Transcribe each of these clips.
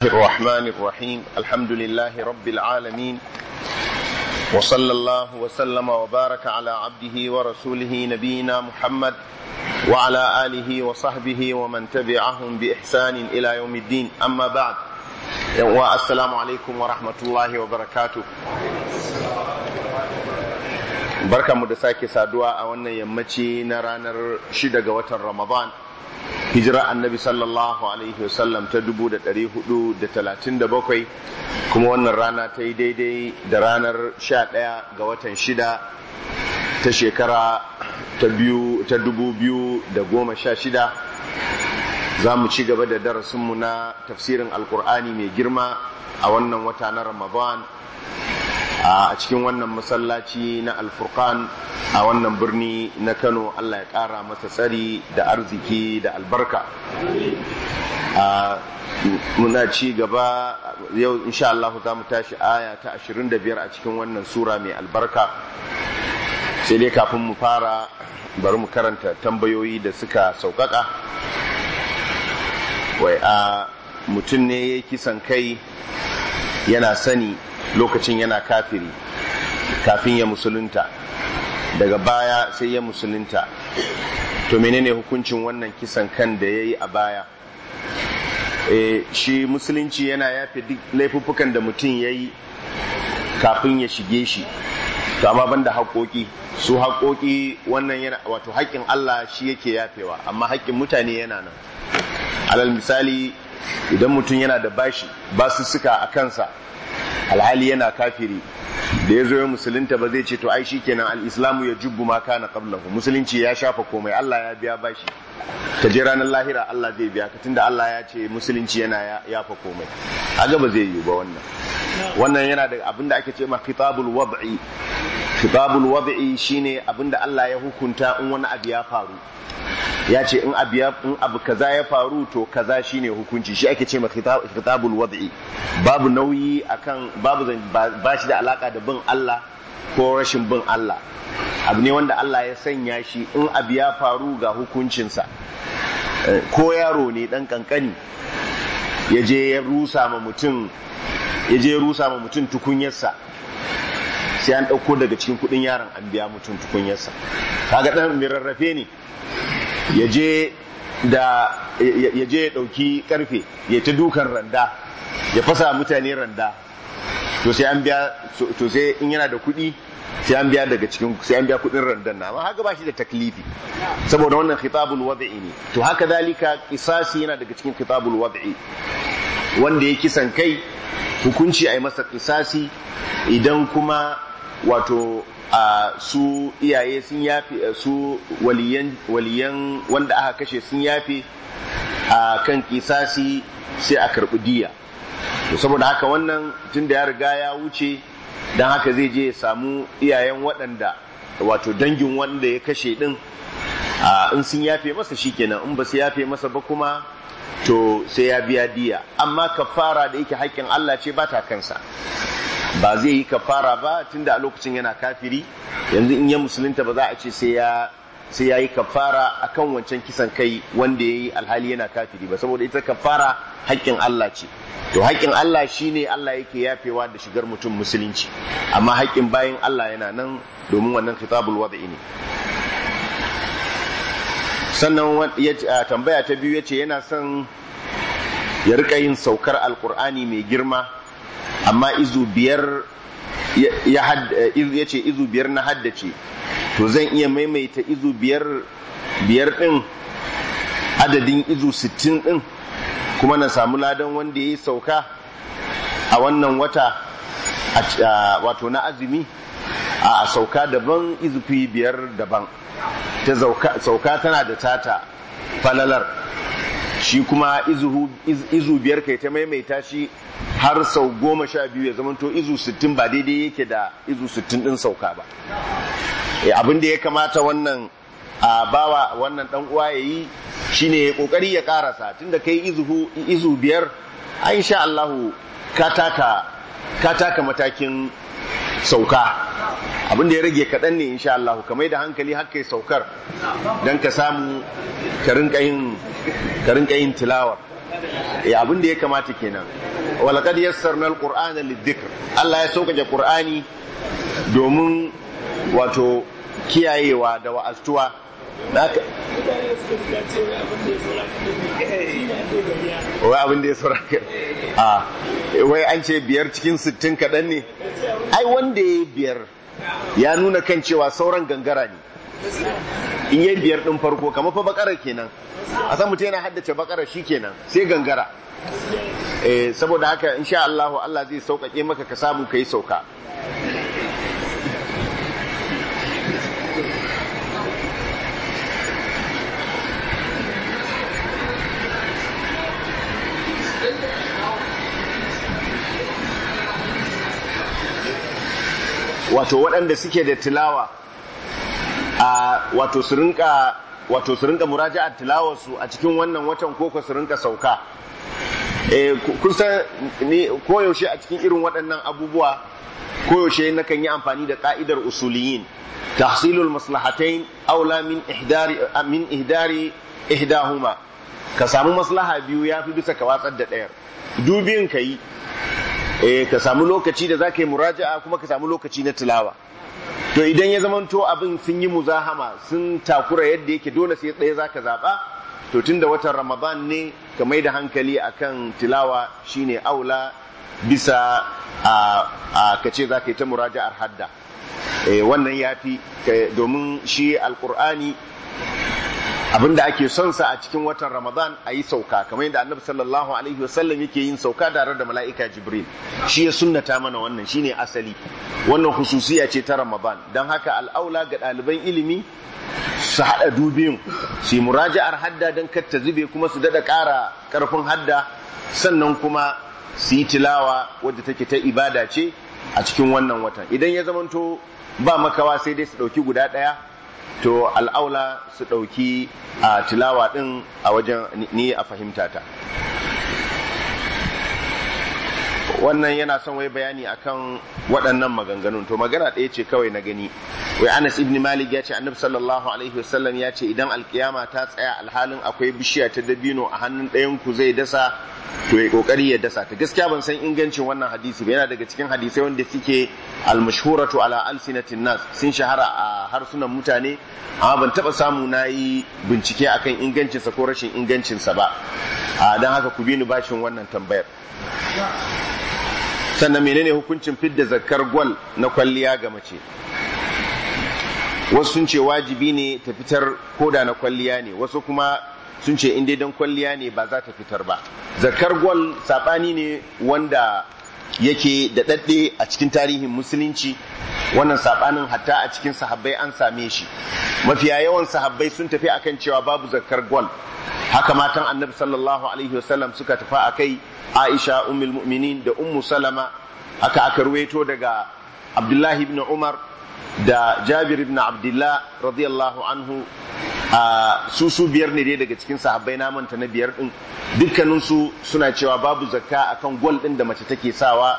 الرحمن الرحيم الحمد لله رب العالمين وصلى الله وسلم وبارك على عبده ورسوله نبينا محمد وعلى آله وصحبه ومن تبعهم بإحسان إلى يوم الدين أما بعد السلام عليكم ورحمة الله وبركاته بركة مدساكي سادوا أولنا يمتي نرانا شدق وتر رمضان hijira annabi sallallahu alaihi wasallam ta dubu da dari hudu da talatin da bakwai kuma wannan rana ta yi daidai da ranar sha ɗaya ga watan shida ta shekara ta biyu dubu biyu da goma sha shida za mu ci gaba da darasinmu na tafsirin alkur'ani mai girma a wannan wata na ramadan a cikin wannan masallaci na alfurkan a wannan birni na kano allah ya kara masa tsari da arziki da albarka muna ci gaba yau insha Allah za mu tashi aya ta 25 a cikin wannan sura mai albarka sai dai kafin mu fara bari mu karanta tambayoyi da suka sauƙaƙa wai a mutum ne ya kisan kai yana sani lokacin yana kafiri kafin ya musulunta daga baya sai ya musulunta to menene hukuncin wannan kisan kan da ya yi a baya e, shi musulunci yana yafe duk laifuffukan da mutum ya yi kafin ya shige shi to amma banda haƙoƙi su haƙoƙi wannan yana wato haƙƙin Allah shi yake yafewa amma haƙƙin mutane yana nan alal misali idan mutum yana da bashi basussuka a kansa alhali yana kafiri da ya zo ya musulunta ba zai ce to ai shikenan al-islamu ya jubbu ma kana qablahu musulunci ya shafa komai Allah ya biya bashi ka je ranar lahira Allah zai biya ka tunda Allah ya ce musulunci yana yafa komai aga ba zai yi ba wannan wannan yana da abinda ake ce ma khitabul wad'i khitabul wad'i shine abinda Allah ya hukunta in wani abu ya faru ya ce in abu kaza ya faru to kaza shine hukunci shi ake ce ma kitabul wad'i babu nauyi akan babu ba shi da alaka da bin Allah ko rashin bin Allah abu ne wanda Allah ya sanya shi in abu ya faru ga hukuncinsa eh, ko yaro ne dan kankani ya je ya rusa ma mutum ya je tukunyarsa sai an ɗauko daga cikin kuɗin yaron an biya mutum tukunyarsa kaga ɗan mai rarrafe ne ya je da ya je ya ɗauki karfe ya ta dukan randa ya fasa mutane randa to sai an biya to sai in yana da kuɗi sai an biya daga cikin sai an biya kuɗin randan na amma haka ba shi da taklifi saboda wannan khitabul wad'i ne to haka zalika qisasi yana daga cikin khitabul wad'i wanda ya kisan kai hukunci a yi masa qisasi idan kuma wato a su iyaye sun yafe su waliyan wanda aka kashe sun yafe a kan kisasi sai a karɓi diya saboda haka wannan tun da ya riga ya wuce dan haka zai je ya samu iyayen waɗanda wato dangin wanda ya kashe ɗin in sun yafe masa shi kenan in ba su yafe masa ba kuma to sai ya biya diya amma kafara da yake haƙƙin Allah ce ba ta kansa ba zai yi kafara ba tunda a lokacin yana kafiri yanzu in ya musulunta ba za a ce sai ya sai ya yi kafara akan wancan kisan kai wanda ya yi alhali yana kafiri ba saboda ita kafara haƙƙin Allah ce to haƙƙin Allah shi ne Allah yake yafewa da shigar mutum musulunci amma haƙƙin bayan Allah yana nan domin wannan khitabul wada'i ne sannan tambaya ta biyu ya ce yana son ya rika yin saukar alkur'ani mai girma amma izu biyar eh, ya ce izu biyar na haddace to zan iya maimaita izu biyar biyar din adadin izu sittin din kuma na samu ladan wanda ya yi sauka a wannan wata wato na azumi a sauka daban izufi biyar daban ta sauka tana da tata falalar shi kuma izu biyar kai ta maimaita shi har sau goma sha biyu ya zamanto izu sittin ba daidai yake da izu sittin din sauka ba eh, abin da ya kamata wannan a bawa wannan dan uwa ya yi shine ya kokari ya karasa tunda kai izu biyar a insha Allahu ka taka matakin sauka abin da ya rage kaɗan ne insha Allah kamar da hankali har kai saukar don ka samu karinka yin tilawar e abin da ya kamata kenan walaqad yassarna alqur'ana lidhikr Allah ya sauƙaƙe Ƙur'ani domin wato kiyayewa da wa'astuwa haka wai abin da ya saura a ah, wai an ce biyar cikin sittin kaɗan ne ai wanda ya biyar ya nuna kan cewa sauran gangara ne in yi biyar ɗin farko kama fa bakara kenan a san mutum yana haddace bakara shi kenan sai gangara eh, saboda haka insha Allah Allah zai sauƙaƙe maka ka samu ka yi sauka wato waɗanda suke da tilawa a wato su rinka wato su rinka tilawarsu a cikin wannan watan koko su rinka sauka eh, kusan koyaushe a cikin irin waɗannan abubuwa koyaushe nakan yi amfani da ka'idar usuliyin tahsilul maslahatain aula min ihdari min ihdari ihdahuma ka samu maslaha biyu yafi bisa ka watsar da ɗayar dubin ka yi eh ka samu lokaci da zaka yi muraja'a kuma ka samu lokaci na tilawa to idan ya zamanto abin sun yi muzahama sun takura yadda yake dole sai ɗaya ka zaɓa, to tunda watan ramadan ne ka mai da hankali akan tilawa shine aula bisa a kace ka yi ta muraja'ar hadda eh wannan yafi domin shi Alkur'ani. Abin da ake son sa a cikin watan Ramadan a yi sauka kamar yadda Annabi sallallahu alaihi wasallam yake yin sauka tare da mala'ika Jibril shi ya sunnata mana wannan shine asali wannan hususiya ce ta Ramadan dan haka al'aula ga ɗaliban ilimi su haɗa dubiyun, su muraja'ar hadda dan kar ta zube kuma su dada ƙara ƙarfin hadda sannan kuma su yi tilawa wadda take ta ibada ce a cikin wannan watan idan ya zamanto ba makawa sai dai su ɗauki guda ɗaya to al'aula su ɗauki a tilawa ɗin a wajen ni a fahimta ta wannan yana son wai bayani akan waɗannan maganganun to magana ɗaya ce kawai na gani wai Anas ibn Malik ya ce Annabi sallallahu alaihi wasallam ya ce idan alkiyama ta tsaya alhalin akwai bishiya ta dabino a hannun ɗayan ku zai dasa to ya kokari ya dasa ta gaskiya ban san ingancin wannan hadisi ba yana daga cikin hadisai wanda suke almashhuratu ala alsinatin nas sun shahara a harsunan mutane amma ban taba samu nayi bincike akan ingancinsa ko rashin ingancinsa ba dan haka ku bi ni bashin wannan tambayar sannan menene hukuncin fidda zakkar gwal na kwalliya ga mace wasu sun ce wajibi ne ta fitar koda na kwalliya ne wasu kuma sun ce in dai dan kwalliya ne ba za ta fitar ba zakkar gwal sabani ne wanda yake da ɗaɗɗe a cikin tarihin musulunci wannan saɓanin hatta a cikin sahabbai an same shi mafiya yawan sahabbai sun tafi akan cewa babu zakar gwal haka matan annabi sallallahu alaihi wasallam suka tafi kai aisha ummul mu'minin da ummu salama haka aka ruwaito daga abdullahi ibn umar da Jabir ibn Abdullah radiyallahu anhu a su su biyar ne daga cikin sahabbai na manta na biyar din dukkaninsu suna cewa babu zakka akan gwal din da mace take sawa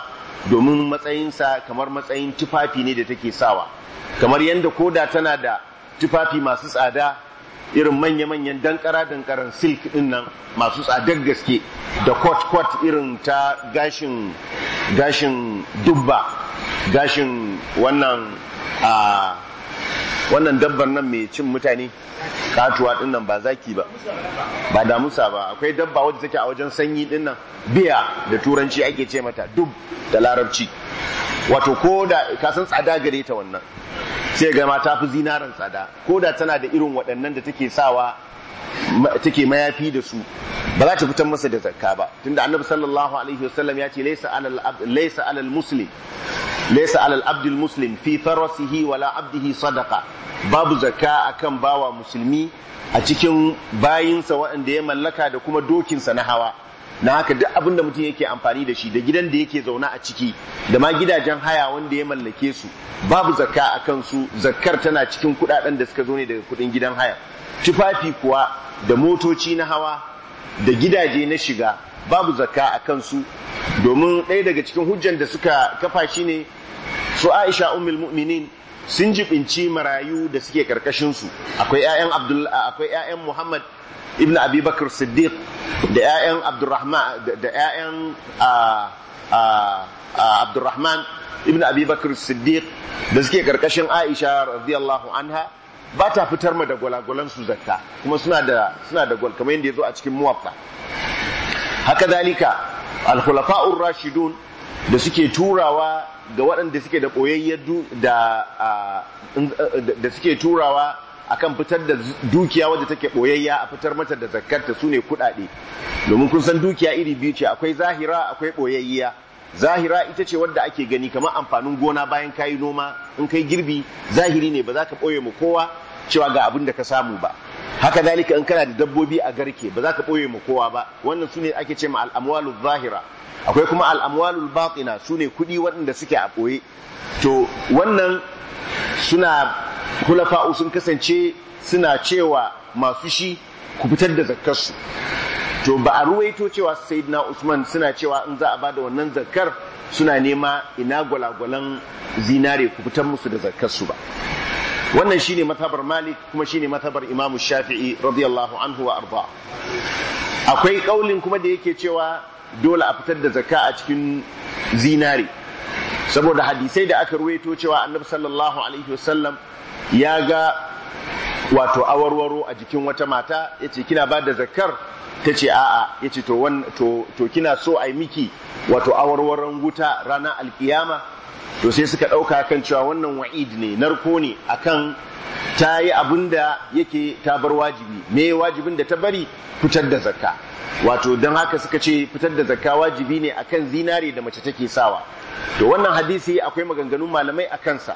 domin matsayinsa kamar matsayin tufafi ne da take sawa kamar yadda koda tana da tufafi masu tsada irin manya-manyan dankara dankaran silk din nan masu tsadar gaske da kwat-kwat irin ta gashin gashin dubba gashin wannan a wannan dabbar nan mai cin mutane katuwa din nan ba zaki ba ba damusa ba akwai dabba wadda take a wajen sanyi din nan biya da turanci ake ce mata dub da larabci wato ko da ka san tsada gare ta wannan sai ga ma ta fi zinaran tsada ko da tana da irin waɗannan da take sawa take mayafi da su ba za ta fitar masa da zakka ba tunda annabi sallallahu alaihi wasallam ya ce laysa alal abd laysa alal muslim laysa alal abd al muslim fi farasihi wala abdihi sadaqa babu zakka akan bawa musulmi a cikin bayinsa waɗanda ya mallaka da kuma dokinsa na hawa na haka duk abin da mutum yake amfani da shi da gidan da yake zauna a ciki da ma gidajen haya wanda ya mallake su babu zakka a kansu zakkar tana cikin kudaden da suka zo ne daga kudin gidan haya tufafi kuwa da motoci na hawa da gidaje na shiga babu zakka a kansu domin ɗaya daga cikin hujjan da suka kafa shi ne su Aisha ummul mu'minin sun jibinci marayu da suke karkashin su akwai ƴaƴan Abdul akwai ƴaƴan Muhammad ibn abubakar siddiq da 'ya'yan abdurrahman da 'ya'yan abdurrahman ibn abubakar siddiq da suke karkashin aisha radiyallahu anha ba ta fitar ma da gwalagwalan su zakka kuma suna da suna da gwal kamar yadda ya zo a cikin muwaffa haka dalika, al-khulafa'ur rashidun da suke turawa ga waɗanda suke da koyayyen da da suke turawa akan fitar da dukiya wadda take boyayya a fitar mata da zakarta su ne kuɗaɗe domin kun san dukiya iri biyu ce akwai zahira akwai boyayya zahira ita ce wadda ake gani kamar amfanin gona bayan kayi noma in kai girbi zahiri ne ba za ka ɓoye mu kowa cewa ga abin da ka samu ba haka zalika in kana da dabbobi a garke ba za ka ɓoye ma kowa ba wannan su ne ake ce ma al'amwalul zahira akwai kuma al'amwalul batina su ne kuɗi waɗanda suke a ɓoye to wannan suna hulafa'u sun kasance suna cewa masu shi ku fitar da zakkarsu to ba a ruwaito cewa sayyidina usman suna cewa in za a ba da wannan zakkar suna nema ina gwalagwalan zinare ku fitar musu da zakkarsu ba wannan shine matabar malik kuma shine mazhabar imamu shafi'i radiyallahu anhu wa arda akwai kaulin kuma da yake cewa dole a fitar da zakka a cikin zinari saboda hadisai da aka ruwaito cewa annabi sallallahu alaihi wasallam ya ga wato awarwaro a jikin wata mata yace kina ba da zakkar ta ce a'a yace to to kina so ai miki wato awarwaron wuta ranar alkiyama to sai suka ɗauka kan cewa wannan wa'id ne narko ne akan ta yi abin da yake ta bar wajibi me wajibin da ta bari fitar da zakka wato don haka suka ce fitar da zakka wajibi ne akan zinare da mace take sawa to wannan hadisi akwai maganganun malamai a kansa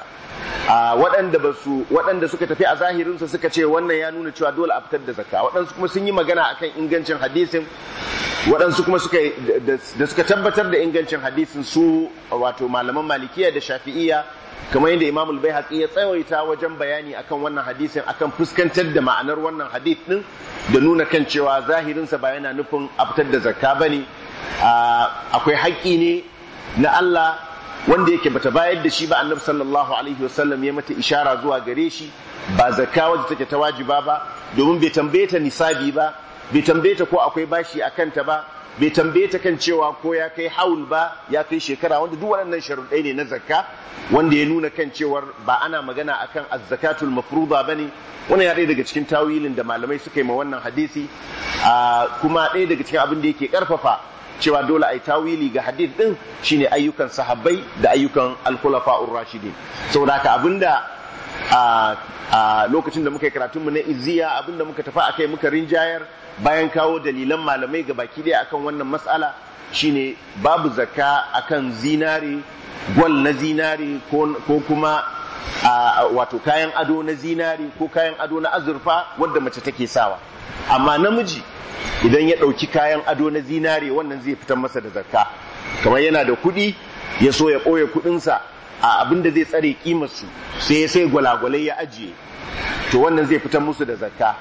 a waɗanda ba su waɗanda suka tafi a zahirinsa suka ce wannan ya nuna cewa dole a fitar da zakka waɗansu kuma sun yi magana akan ingancin hadisin waɗansu kuma suka da suka tabbatar da ingancin hadisin su wato malaman malikiya da shafi'iyya kamar yadda imam al ya tsawaita wajen bayani akan wannan hadisin akan fuskantar da ma'anar wannan hadis din da nuna kan cewa zahirinsa ba yana nufin a fitar da zakka bane akwai haƙƙi ne na Allah wanda yake bata bayar da shi ba annabi sallallahu alaihi wasallam ya mata ishara zuwa gare shi ba zakka wadda take ta wajiba ba domin bai tambaye ta nisabi ba bai tambaye ta ko akwai bashi a kanta ba bai tambaye ta kan cewa ko ya kai haul ba ya kai shekara wanda duk waɗannan sharuɗai ne na zakka wanda ya nuna kan cewa ba ana magana akan azzakatul mafruda bane wannan ya ɗaya daga cikin tawilin da malamai suka yi ma wannan hadisi kuma ɗaya daga cikin abin da yake ƙarfafa cewa dole a yi tawili ga hadith din shine ayyukan sahabbai da ayyukan al-khulafa'ur rashidin saboda haka abinda a lokacin da muka yi karatun mu na izziya da muka tafi akai muka rinjayar bayan kawo dalilan malamai ga baki daya akan wannan mas'ala shine babu zakka akan zinari, gwal na zinari, ko kuma wato kayan ado na zinari ko kayan ado na azurfa wanda mace take sawa amma namiji idan ya ɗauki kayan ado na zinari wannan zai fitar masa da zakka kamar yana da kuɗi ya so ya ɓoye kuɗinsa a abin da zai tsare kimarsu sai ya sai gwalagwalai ya ajiye to wannan zai fitar musu da zakka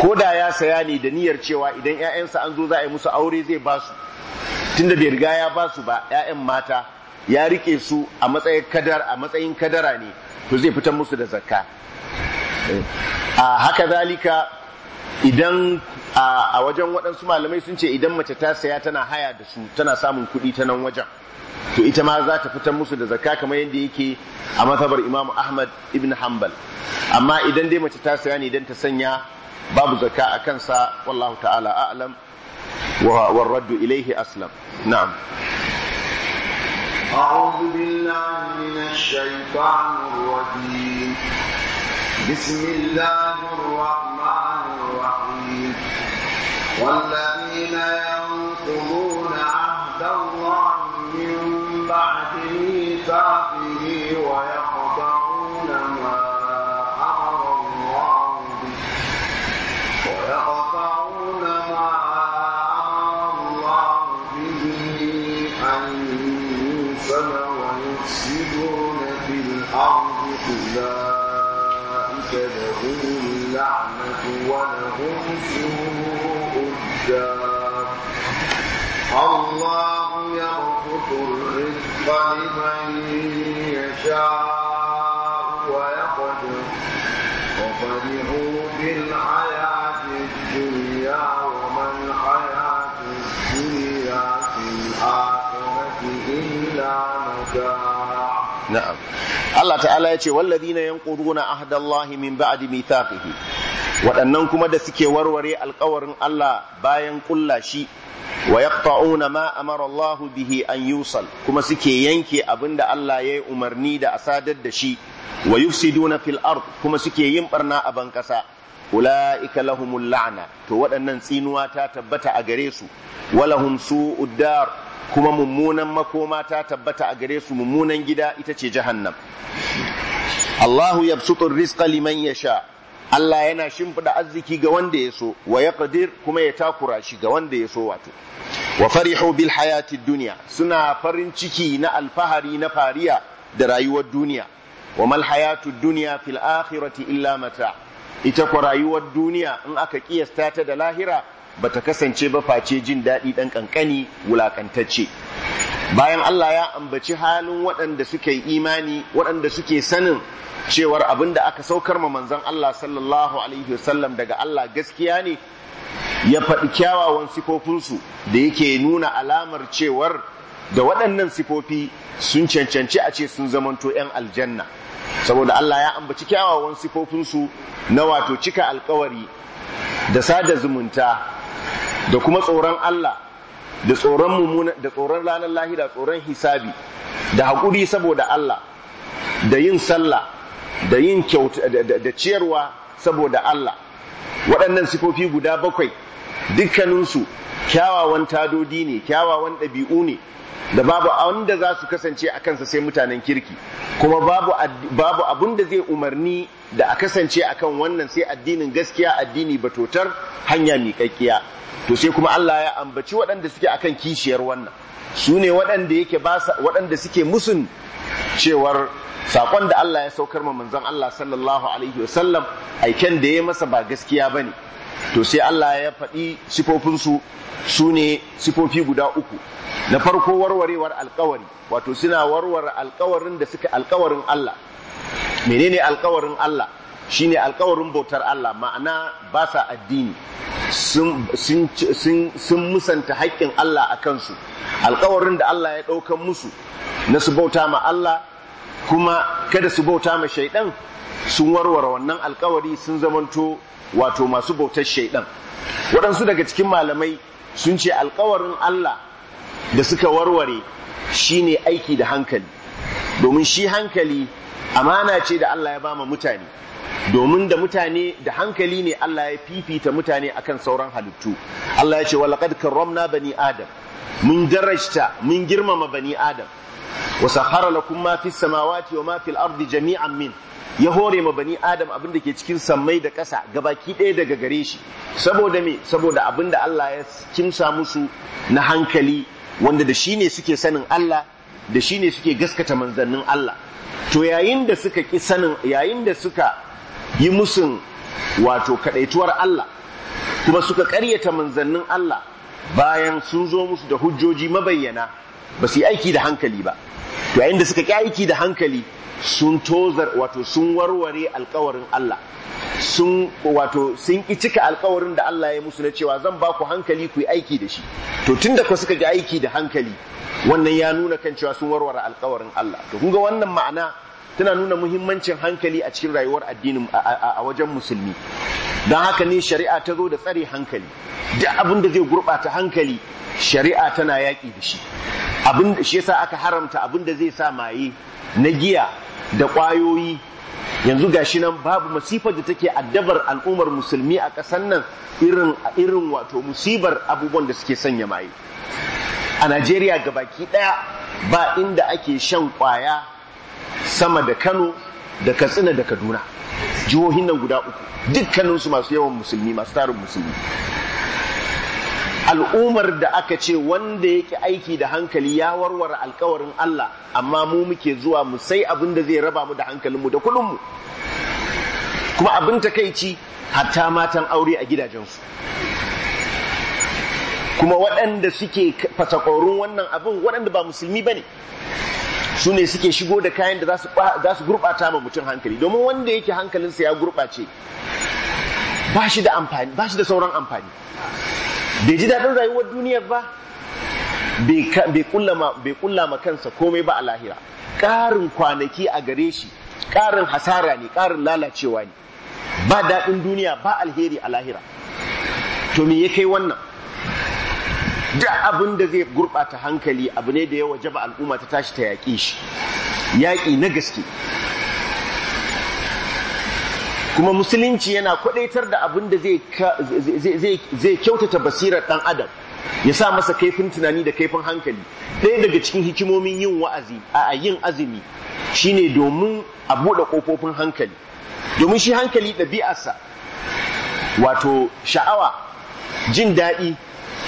ko da ya saya ne da niyyar cewa idan 'ya'yansa an zo za a yi musu aure zai ba su tunda bai riga ya ba su ba 'ya'yan mata ya rike su a matsayin kadar a matsayin kadara ne to zai fitar musu da zakka eh, a haka zalika idan a wajen waɗansu malamai sun ce idan mace ta saya tana haya da su tana samun kuɗi ta nan wajen to ita ma za ta fitar musu da zakka kamar yadda yake a mazhabar Imam ahmad ibn hanbal amma idan dai mace ta saya ne idan ta sanya babu zakka a kansa wallahu ta'ala a'lam wa raddu ilaihi aslam na'am أعوذ بالله من الشيطان الرجيم بسم الله الرحمن الرحيم والذين ينقضون عهد الله من بعد ميثاقه اللعنة ولهم سوء الدار الله يَرْزُقُ الرزق لمن يشاء ويقدر وفرحوا بالحياة الدنيا وما الحياة الدنيا في الآخرة إلا متاع نعم Allah ta'ala ya ce wallazina yanquduna ahdallahi min ba'di mithaqihi waɗannan kuma da suke warware alƙawarin Allah bayan kulla shi wa yaqta'una ma amara bihi an yusal kuma suke yanke abinda Allah ya yi umarni da asadar da shi wa yufsiduna fil ard kuma suke yin barna a ban kasa ulaika lahumul la'na to waɗannan tsinuwa ta tabbata a gare su walahum su'ud kuma mummunan makoma ta tabbata a gare su mummunan gida ita ce jahannam Allahu yabsutu rizqa liman yasha Allah yana shimfida arziki ga wanda ya so wa yaqdir kuma ya takura shi ga wanda ya so wato wa farihu bil hayati dunya suna farin ciki na alfahari na fariya da rayuwar duniya wa mal hayatu dunya fil akhirati illa mata ita ko rayuwar duniya in aka kiyasta ta da lahira bata kasance ba face jin daɗi ɗan ƙanƙani wulaƙantacce bayan Allah ya ambaci halin waɗanda suke imani waɗanda suke sanin cewar abin da aka saukar ma manzon Allah sallallahu alaihi wasallam daga Allah gaskiya ne ya faɗi kyawawan sifofinsu da yake nuna alamar cewar da waɗannan sifofi sun cancanci a ce sun zamanto 'yan aljanna saboda Allah ya ambaci kyawawan sifofinsu na wato cika alkawari da sada zumunta da kuma tsoron Allah da tsoron mummuna da tsoron ranar lahira tsoron hisabi da haƙuri saboda Allah da yin sallah da yin da ciyarwa saboda Allah waɗannan sifofi guda bakwai dukkaninsu kyawawan tadodi ne kyawawan ɗabi'u ne da babu wanda za su kasance a kansa sai mutanen kirki kuma babu babu abun da zai umarni da a kasance a kan wannan sai addinin gaskiya addini batotar hanya miƙaƙƙiya to sai kuma Allah ya ambaci waɗanda suke akan kishiyar wannan su ne waɗanda yake suke musun cewar saƙon da Allah ya saukar ma manzon Allah sallallahu alaihi wasallam aiken da ya masa ba gaskiya bane to sai Allah ya faɗi sifofinsu su ne sifofi guda uku na farko warwarewar alkawari wato suna warware alkawarin da suka alkawarin Allah menene alkawarin Allah shine alkawarin bautar Allah ma'ana ba sa addini sun musanta haƙƙin Allah a kansu alkawarin da Allah ya ɗaukan musu na su bauta ma Allah kuma kada su bauta ma shaidan sun warware wannan alkawari sun zamanto wato masu bautar shaidan waɗansu daga cikin malamai sun ce alkawarin Allah da suka warware shine aiki da hankali domin shi hankali amana ce da Allah ya bama mutane domin da mutane da hankali ne Allah ya fifita mutane akan sauran halittu Allah ya ce walaqad na bani adam mun darajta mun girmama bani adam wa harala lakum ma fis samawati wa ma fil jami'an min ya hore ma bani adam abin da ke cikin sammai da ƙasa gabaki ɗaya daga gare shi saboda me saboda abin da Allah ya kimsa musu na hankali wanda da shi ne suke sanin Allah da shi ne suke gaskata manzannin Allah to yayin da suka ki sanin yayin da suka yi musun wato kaɗaituwar Allah kuma suka karyata manzannin Allah bayan sun zo musu da hujjoji mabayyana ba su yi aiki da hankali ba to yayin da suka ki aiki da hankali sun tozar wato sun warware alkawarin Allah sun wato sun ki cika alkawarin da Allah ya musu na cewa zan ba ku hankali ku yi aiki da shi to tunda ku suka ga aiki da hankali wannan ya nuna kan cewa sun warware alkawarin Allah to kun ga wannan ma'ana tana nuna muhimmancin hankali a cikin rayuwar addinin a wajen musulmi don haka ne shari'a ta zo da tsare hankali duk abin da zai gurɓata hankali shari'a tana yaƙi da shi abin shi yasa aka haramta abin da zai sa maye na giya da ƙwayoyi yanzu gashi nan babu masifar da take addabar al'ummar musulmi a ƙasar nan irin irin wato musibar abubuwan da suke sanya maye a Najeriya ga baki ɗaya ba inda ake shan ƙwaya sama da Kano da Katsina da Kaduna jihohin nan guda uku dukkaninsu masu yawan musulmi masu tarin musulmi Al'ummar da aka ce wanda yake aiki da hankali ya warware alkawarin Allah amma mu muke zuwa mu sai abin da zai raba mu da hankalin mu da mu. kuma abin takaici hatta matan aure a gidajensu kuma waɗanda suke fatakorun wannan abin waɗanda ba musulmi ba ne su ne suke shigo da kayan da za su gurɓata ma mutum hankali domin wanda yake hankalinsa ya gurɓace ba shi da sauran amfani bai ji daɗin rayuwar duniyar ba bai kulla ma kansa komai ba a lahira ƙarin kwanaki a gare shi ƙarin hasara ne ƙarin lalacewa ne ba daɗin duniya ba alheri a lahira to me ya kai wannan Da abin da zai gurɓata hankali abu ne da ya waje ba al'umma ta tashi ta yaƙi shi yaƙi na gaske kuma musulunci yana kwadaitar da abin da zai kyautata basirar ɗan adam ya sa masa kaifin tunani da kaifin hankali ɗaya daga cikin hikimomin yin wa'azi a yin azumi shine domin a buɗe ƙofofin hankali domin shi hankali ɗabi'arsa wato sha'awa jin daɗi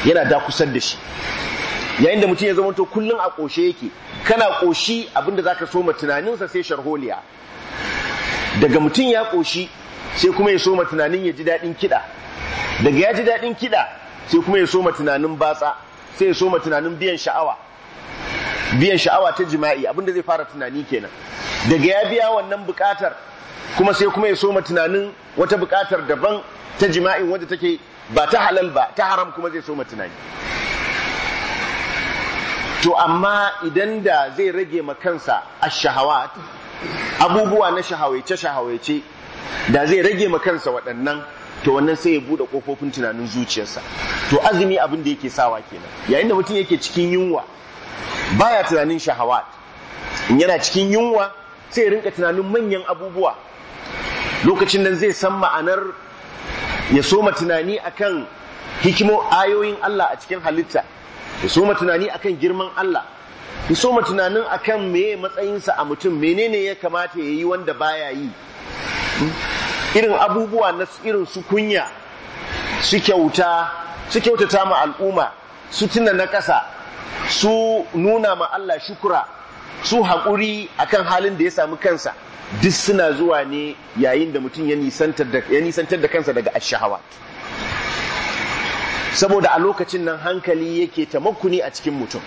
yana da kusar da shi yayin da mutum ya zama to kullum a ƙoshe yake kana ƙoshi abinda zaka soma tunaninsa sai sharholiya daga mutum ya ƙoshi sai kuma ya soma tunanin ya ji daɗin kiɗa daga ya ji daɗin kiɗa sai kuma ya soma tunanin batsa sai ya soma tunanin biyan sha'awa biyan sha'awa ta jima'i abinda zai fara tunani kenan daga ya biya wannan buƙatar kuma sai kuma ya soma tunanin wata buƙatar daban ta jima'in wadda take ba ta halal ba ta haram kuma zai soma tunani to amma idan da zai rage ma kansa ash-shahawat abubuwa na shahawaice-shahawaice da zai rage makansa waɗannan to wannan sai ya bude kofofin tunanin zuciyarsa to azumi abin da yake sawa kenan yayin da mutum yake cikin yunwa baya tunanin shahawa, in yana cikin yunwa sai ya rinka tunanin manyan abubuwa lokacin nan zai san ma'anar ya soma tunani akan hikimo ayoyin Allah a cikin halitta ya soma tunani akan girman Allah ki so mu tunanin akan meye matsayinsa a mutum menene ya kamata ya yi wanda baya yi irin abubuwa na irin su kunya su kyauta su kyautata ma al'umma su tuna na ƙasa su nuna ma Allah shukura su haƙuri akan halin da ya samu kansa duk suna zuwa ne yayin da mutum ya nisantar da kansa daga ashahawa saboda a lokacin nan hankali yake tamakuni a cikin mutum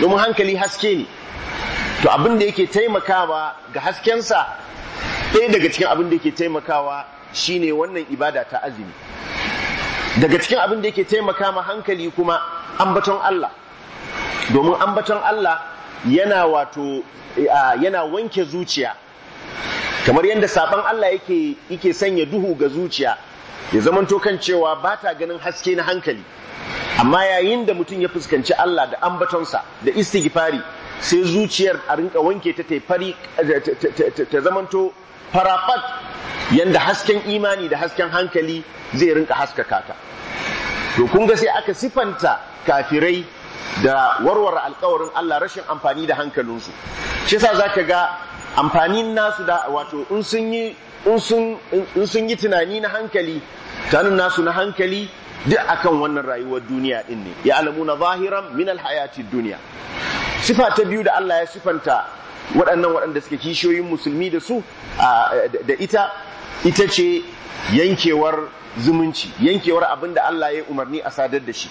domin hankali haske ne to abin da yake taimakawa ga haskensa ɗaya daga cikin abin da yake taimakawa shine wannan ibada ta azumi daga cikin abin da yake taimakawa hankali kuma ambaton Allah domin ambaton Allah yana wato yana wanke zuciya kamar yadda saban Allah yake sanya duhu ga zuciya ya zamanto kan cewa ba ta ganin haske na hankali amma yayin da mutum ya fuskanci Allah da ambatonsa da istighfari sai zuciyar a rinka wanke ta taifari ta zamanto farafat yanda hasken imani da hasken hankali zai rinka haskaka ta to kun ga sai aka sifanta kafirai da warware alkawarin Allah rashin amfani da hankalinsu shi yasa zaka ga amfanin nasu da wato in sun yi in sun yi tunani na hankali tanin nasu na hankali duk akan wannan rayuwar duniya din ne ya na zahiran min alhayati duniya sifa ta biyu da Allah ya sifanta waɗannan waɗanda suke kishiyoyin musulmi da su da ita ita ce yankewar zumunci yankewar abin da Allah ya umarni a sadar da shi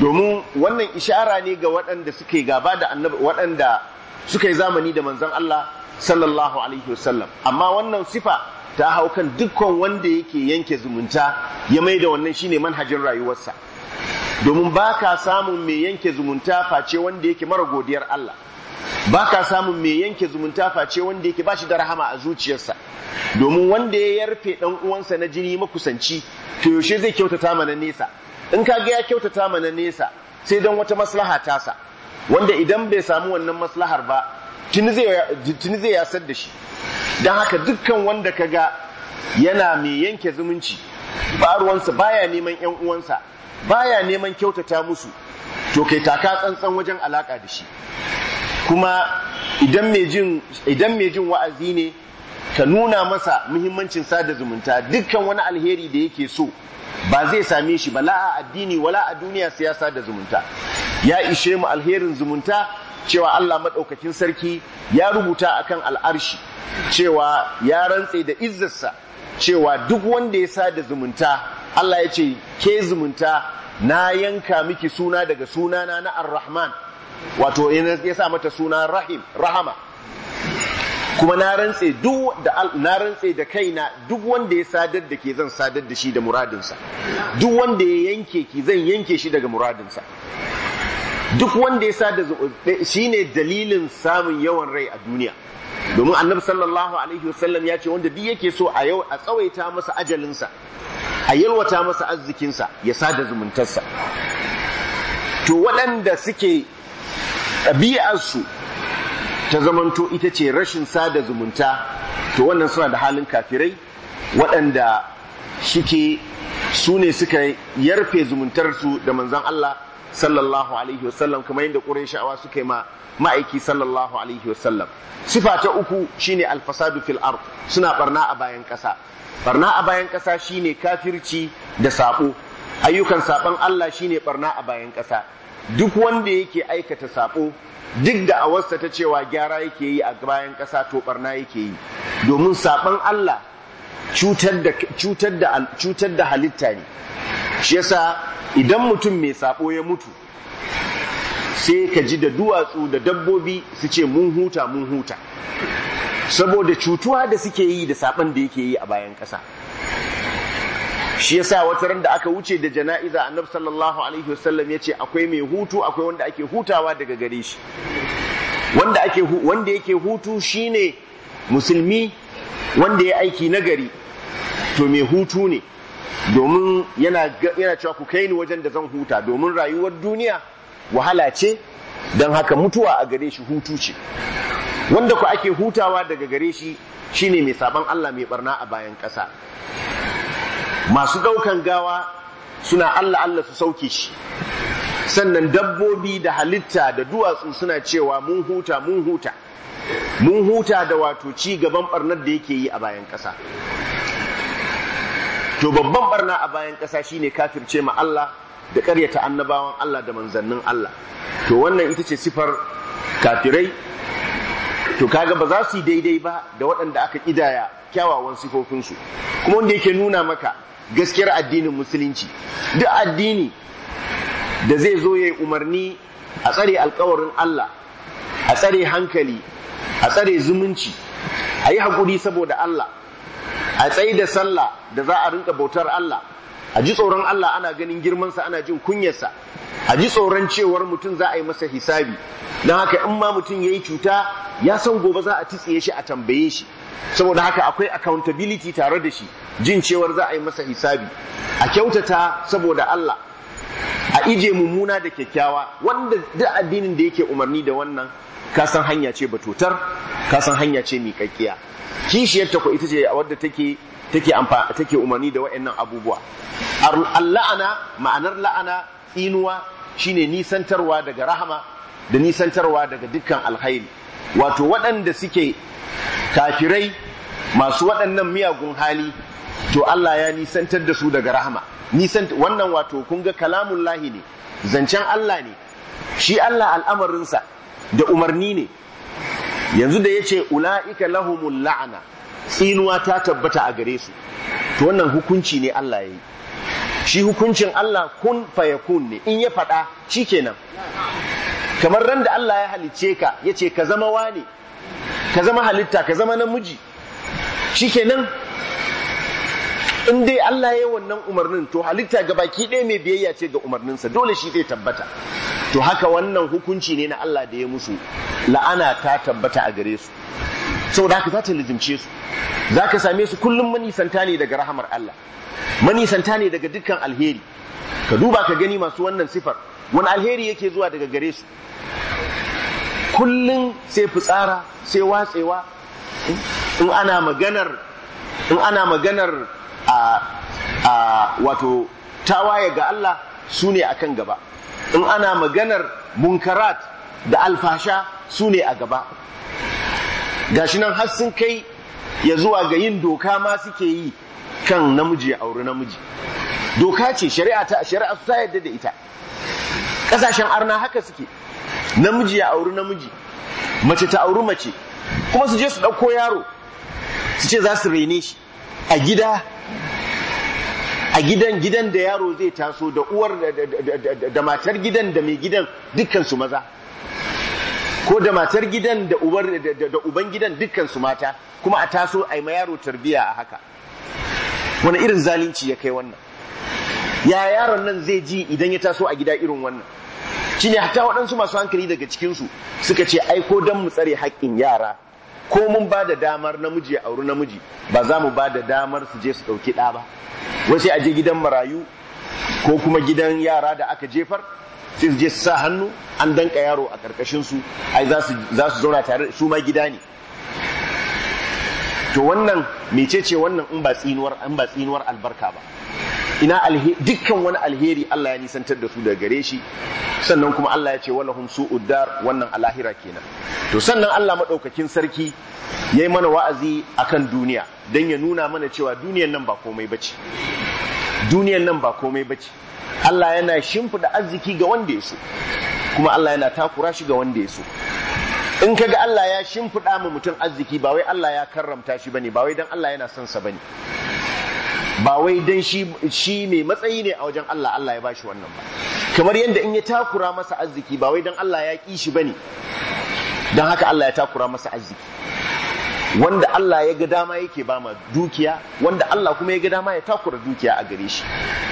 domin wannan ishara ne ga waɗanda suke gaba da annabi waɗanda suka yi zamani da manzon Allah sallallahu alaihi wasallam amma wannan sifa ta hau kan dukkan wanda yake yanke zumunta ya mai da wannan shine manhajin rayuwarsa domin ba ka samun mai yanke zumunta face wanda yake mara godiyar Allah ba ka samun mai yanke zumunta face wanda yake bashi da rahama a zuciyarsa domin wanda ya yarfe dan uwansa na jini makusanci to yaushe zai kyautata mana nesa in ka ga ya kyautata mana nesa sai don wata maslaha tasa wanda idan bai samu wannan maslahar ba tuni zai yasar da shi don haka dukkan wanda ka ga yana mai yanke zumunci Ba baruwansa baya neman yan uwansa baya neman kyautata musu to kai taka tsantsan wajen alaka da shi kuma idan mai jin wa'azi ne ka nuna masa muhimmancin sada zumunta dukkan wani alheri da yake so ba zai same shi ba la'a addini wala a duniya siyasa da zumunta ya ishe mu alherin zumunta cewa Allah maɗaukakin sarki ya rubuta a kan al'arshi cewa ya rantse da izzarsa cewa duk wanda ya da zumunta Allah ya ce ke zumunta na yanka miki suna daga sunana na ar-rahman wato ya sa mata suna rahim rahama kuma na rantse duk da na rantse da kaina duk wanda ya sadar da ke zan sadar da shi da muradinsa duk wanda ya yanke ki zan yanke shi daga muradinsa duk wanda ya sada eh, ne dalilin samun yawan rai a duniya domin annabi sallallahu alaihi wasallam ya ce wanda duk yake so a yau a tsawaita masa ajalinsa a yalwata masa arzikinsa ya sa da zumuntarsa to waɗanda suke ɗabi'arsu ta zamanto ita ce rashin sada zumunta to wannan suna da halin kafirai waɗanda shike su ne suka yarfe zumuntarsu da manzon Allah sallallahu alaihi wasallam kamar yadda qurayshawa suka yi ma ma'aiki sallallahu alaihi wasallam sifa ta uku shine alfasadu fil suna barna a bayan ƙasa. barna a bayan kasa shine kafirci da saɓo. ayyukan saban Allah shine barna a bayan ƙasa. duk wanda yake aikata saɓo, duk da awarsa ta cewa gyara yake yi a bayan ƙasa to barna yake yi domin saban Allah cutar da halitta ne shi yasa idan mutum mai sabo ya mutu sai ka ji da duwatsu da dabbobi su ce mun huta mun huta saboda cutuwa da suke yi da saban da yake yi a bayan ƙasa shi yasa wata randa aka wuce da jana'iza annabi sallallahu alaihi wasallam ce akwai mai hutu akwai wanda ake hutawa daga gare shi wanda ake wanda yake hutu shine musulmi wanda ya aiki nagari to mai hutu ne domin yana cewa ku kai ni wajen da zan huta domin rayuwar duniya wahala ce don haka mutuwa a gare shi hutu ce wanda ku ake hutawa daga gare shi shine mai saban Allah mai barna a bayan ƙasa masu ɗaukan gawa suna Allah Allah su sauke shi sannan dabbobi da halitta da duwatsu suna cewa mun huta mun huta mun huta da wato ci gaban barnar da yake yi a bayan ƙasa to babban barna a bayan ƙasa shine kafirce ma Allah da ƙaryata annabawan Allah da manzannin Allah to wannan ita ce sifar kafirai to kaga ba za su yi daidai ba da waɗanda aka ƙidaya kyawawan sifofinsu kuma wanda yake nuna maka gaskiyar addinin musulunci duk addini da zai zo ya yi umarni a tsare alkawarin Allah a tsare hankali a tsare zumunci a yi haƙuri saboda Allah a tsayi da sallah da za a rinka bautar Allah a ji tsoron Allah ana ganin girmansa ana jin kunyarsa a ji tsoron cewar mutum za a yi masa hisabi don haka in ma mutum ya yi cuta ya san gobe za a titsiye shi a tambaye shi saboda haka akwai accountability tare da shi jin cewar za a yi masa hisabi a kyautata saboda Allah a ije mummuna da kyakkyawa wanda duk addinin da yake umarni da wannan ka san hanya ce batutar ka hanya ce miƙaƙƙiya kishiyar ta ko ita ce wadda take take take umarni da waɗannan abubuwa la'ana ma'anar la'ana inuwa shine nisantarwa daga rahama da nisantarwa daga dukkan alkhairi wato waɗanda suke kafirai masu waɗannan miyagun hali to Allah ya nisantar da su daga rahama wannan wato kun ga kalamun lahi ne zancen Allah ne shi Allah al'amarinsa da umarni ne yanzu da ya ce ula'ika lahumul la'ana tsinuwa ta tabbata a gare su to wannan hukunci ne Allah ya yi shi hukuncin Allah kun fayakun ne in ya faɗa shi kenan kamar ran da Allah ya halicce ka ya ce ka zama wane ka zama halitta ka zama namiji shi kenan in dai Allah ya wannan umarnin to halitta ga baki ɗaya mai biyayya ce ga umarninsa dole shi zai tabbata to haka wannan hukunci ne na Allah da ya musu la'ana ta tabbata a gare su saboda haka za ta lizimce su za ka same su kullum manisanta ne daga rahamar Allah manisanta ne daga dukkan alheri ka duba ka gani masu wannan sifar wani alheri yake zuwa daga gare su kullum sai fitsara sai watsewa in ana maganar in ana maganar a wato tawaye ga Allah su ne akan gaba in ana maganar munkarat da alfasha su ne a gaba gashi nan har sun kai ya zuwa ga yin doka ma suke yi kan namiji ya auri namiji doka ce shari'a ta shari'a ta yadda da ita Ƙasashen arna haka suke namiji ya auri namiji mace ta auri mace kuma su je su ɗauko yaro su ce za su rene shi a gida a gidan gidan da yaro zai taso da uwar da matar gidan da mai gidan dukkansu maza ko da matar gidan da uwar da uban gidan dukkansu mata kuma a taso a yi ma yaro tarbiya a haka wani irin zalunci ya kai wannan ya yaron nan zai ji idan ya taso a gida irin wannan shine hatta waɗansu masu hankali daga cikinsu suka ce aiko ko don mu tsare haƙƙin yara ko mun ba da damar namiji ya auri namiji ba za mu ba da damar su je su ɗauki ɗa ba wasu sai a je gidan marayu ko kuma gidan yara da aka jefar sai su je su sa hannu an danka yaro a ƙarƙashin su ai za su zauna tare su ma gida ne to wannan mecece wannan in ba tsinuwar albarka ba ina dukkan wani alheri Allah ya nisantar da su daga gare shi sannan kuma Allah ya ce hum su'ud dar wannan alahira kenan to sannan Allah madaukakin sarki yayi mana wa'azi akan duniya dan ya nuna mana cewa duniyan nan ba komai bace duniyan nan ba komai bace Allah yana shimfida arziki ga wanda ya so kuma Allah yana takura shi ga wanda ya so in ka ga Allah ya shimfiɗa mu mutum arziki ba wai Allah ya karramta shi bane ba wai dan Allah yana son sa bane ba wai dan shi shi mai matsayi ne a wajen Allah Allah ya bashi wannan ba kamar yadda in ya takura masa arziki ba wai dan Allah ya ki shi bane dan haka Allah ya takura masa arziki wanda Allah ya ga dama yake ba ma dukiya wanda Allah kuma ya ga dama ya takura dukiya a gare shi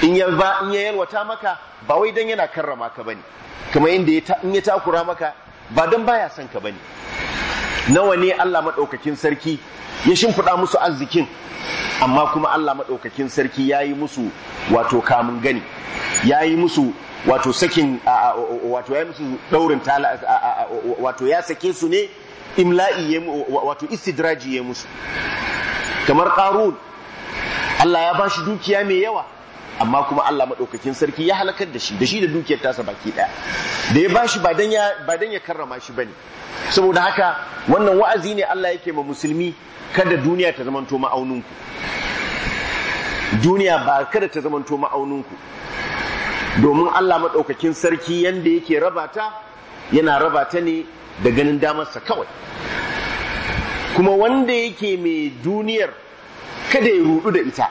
in ya yalwata maka ba wai dan yana karrama ka bane kamar yadda in ya takura maka ba dan baya son ka bane nawa ne Allah maɗaukakin sarki ya shimfiɗa musu arzikin amma kuma Allah maɗaukakin sarki ya yi musu wato kamun gani ya yi musu wato sakin wato ya yi musu ɗaurin tala wato ya sake su ne imla'i ya wato istidraji ya musu kamar ƙarun Allah ya ba shi dukiya mai yawa amma kuma Allah maɗaukakin sarki ya halakar da shi da shi da dukiyar tasa baki ɗaya. da ya bashi ba dan ya ba dan ya karrama shi bane saboda haka wannan wa'azi ne Allah yake ma musulmi kada duniya ta zamanto ma'auninku duniya ba kada ta zamanto ma'auninku domin Allah maɗaukakin sarki yanda yake raba ta yana raba ta ne da ganin damarsa kawai kuma wanda yake mai duniyar kada ya rudu da ita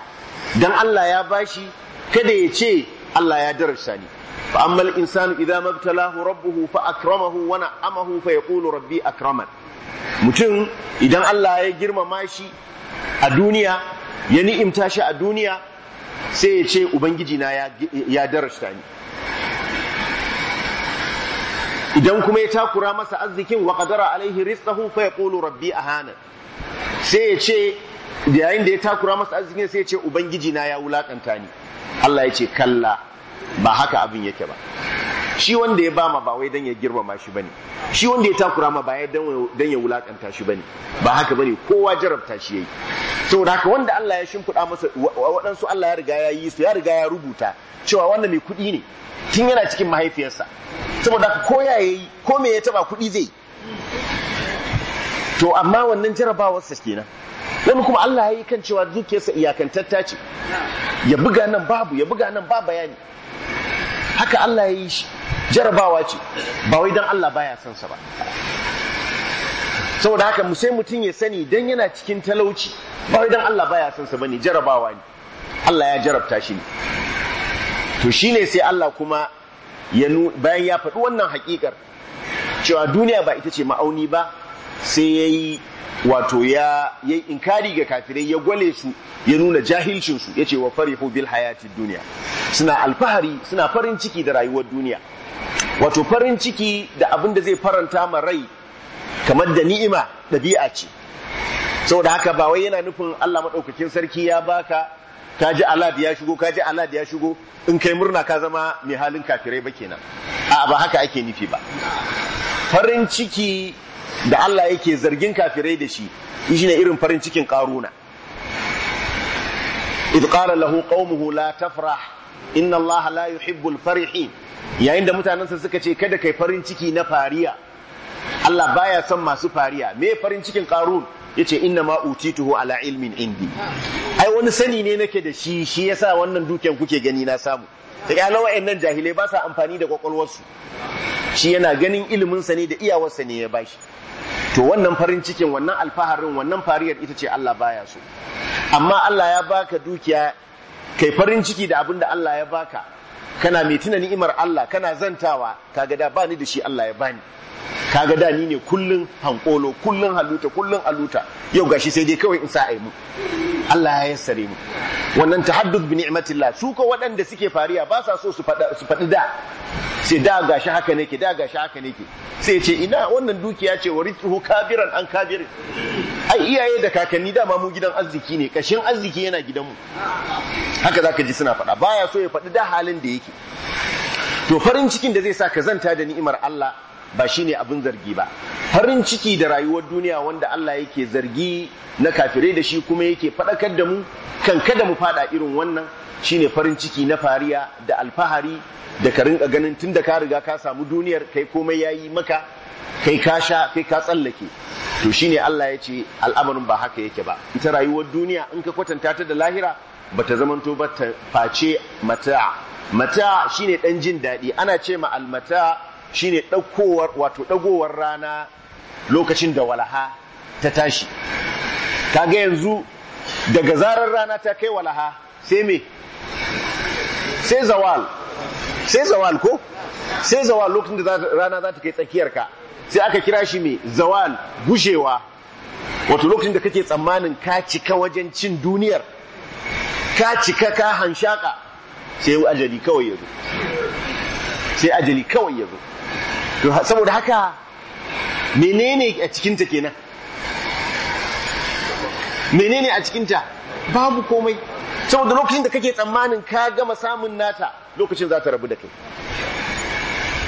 dan Allah ya bashi kada ya ce Allah ya darasa ni fa ammal insanu idza mabtalahu rabbuhu fa akramahu wa na'amahu fa yaqulu rabbi akraman mutum idan Allah ya girmama shi a duniya ya ni'imta shi a duniya sai ya ce ubangiji na ya darasta ni idan kuma ya takura masa arzikin wa qadara alaihi rizqahu fa yaqulu rabbi ahana sai ya ce yayin da ya takura masa arzikin sai ya ce ubangiji na ya wulakanta ni Allah ya ce kalla ba haka abin yake ba shi wanda ya bama ba wai dan ya girmama shi bane shi wanda ya takura ma ba ya dan ya wulakanta shi bane ba haka bane kowa jarabta shi yayi saboda haka wanda Allah ya shimfiɗa masa waɗansu Allah ya riga ya yi su ya riga ya rubuta cewa wannan mai kuɗi ne tun yana cikin mahaifiyarsa saboda haka ko ya yayi ko me ya taba kuɗi zai to amma wannan jarabawarsa kenan wani kuma Allah ya yi kan cewa dukiyarsa iyakantatta ce ya buga nan babu ya buga nan ba bayani haka Allah ya yi shi jarabawa ce ba wai dan Allah baya son sa ba saboda haka mu sai mutum ya sani dan yana cikin talauci ba wai dan Allah baya son sa bane jarabawa ne Allah ya jarabta shi ne to shine sai Allah kuma ya bayan ya faɗi wannan hakikar cewa duniya ba ita ce ma'auni ba sai ya yi wato ya yi inkari ga kafirai ya gwale su ya nuna jahilcinsu ya ce wa farihu bil hayati duniya suna alfahari suna farin ciki da rayuwar duniya wato farin ciki da abin da zai faranta ma rai kamar da ni'ima ɗabi'a ce saboda haka ba wai yana nufin Allah maɗaukakin sarki ya baka ka ji alad ya shigo ka ji alad ya shigo in kai murna ka zama mai halin kafirai ba kenan a ba haka ake nufi ba farin ciki da Allah yake zargin kafirai da shi shi ne irin farin cikin karuna idh qala lahu qaumuhu la tafrah inna Allah la yuhibbul farihin yayin da mutanensa suka ce kada kai farin ciki na fariya Allah baya son masu fariya me farin cikin karun yace inna ma utituhu ala ilmin indi ai wani sani ne nake da shi shi yasa wannan duken kuke gani na samu ta kyala nan jahilai ba sa amfani da kwakwalwarsu shi yana ganin iliminsa ne da iyawarsa ne ya bashi to wannan farin cikin wannan alfaharin wannan fariyar ita ce Allah baya so amma Allah ya baka dukiya kai farin ciki da abin da Allah ya baka kana mai tuna ni'imar Allah kana zantawa kaga da bani da shi Allah ya bani kaga da ni ne kullun hankolo kullun haluta kullun aluta yau gashi sai dai kawai in sa ai mu Allah ya yassare mu wannan tahaddud bi ni'matillah su ko waɗanda suke fariya ba sa so su faɗa su faɗi da sai da gashi haka nake da gashi haka nake sai ce ina wannan dukiya ce warithu kabiran an kabirin ai iyaye da kakanni da ma mu gidan arziki ne kashin arziki yana gidan mu haka zaka ji suna faɗa baya so ya faɗi da halin da yake to farin cikin da zai sa ka zanta da ni'imar Allah ba shi ne abin zargi ba farin ciki da rayuwar duniya wanda Allah yake zargi na kafirai da shi kuma yake faɗakar da mu kan kada mu faɗa irin wannan shi ne farin ciki na fariya da alfahari da ka rinka ganin tun da ka riga ka samu duniyar kai komai yayi maka kai ka sha kai ka tsallake to shi ne Allah ya ce al'amarin ba haka yake ba ita rayuwar duniya in ka kwatanta ta da lahira bata zamanto ba ta face mata mata shine dan jin daɗi ana ce ma almata shine daukowar wato ɗagowar rana lokacin da walaha ta tashi kaga yanzu daga zarar rana ta kai walaha sai me sai zawal sai zawal ko sai zawal lokacin da rana za ta kai tsakiyar ka sai aka kira shi me zawal gushewa wato lokacin da kake tsammanin ka cika wajen cin duniyar ka cika ka hanshaka sai ajali kawai ya zo sai ajali kawai ya zo to saboda haka menene a cikinta kenan menene a cikinta babu komai saboda lokacin da kake tsammanin ka gama samun nata lokacin za ta rabu da kai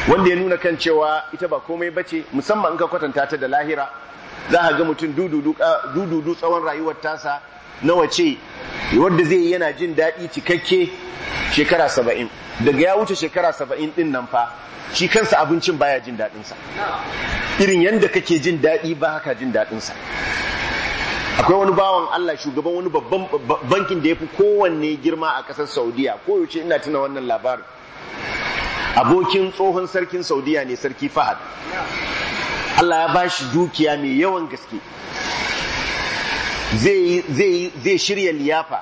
wanda ya nuna kan cewa ita ba komai ba ce musamman in ka kwatanta ta da lahira za a ga mutum dududu tsawon rayuwar tasa nawa ce wanda zai yi yana jin daɗi cikakke shekara saba'in daga ya wuce shekara saba'in ɗin nan fa shi kansa abincin baya jin daɗinsa irin yadda kake jin daɗi ba haka jin daɗinsa akwai wani bawan Allah shugaban wani babban bankin da ya fi kowanne girma a ƙasar saudiya koyaushe ina tuna wannan labarin abokin tsohon sarkin saudiya ne sarki fahad Allah ya ba shi dukiya mai yawan gaske zai shirya liyafa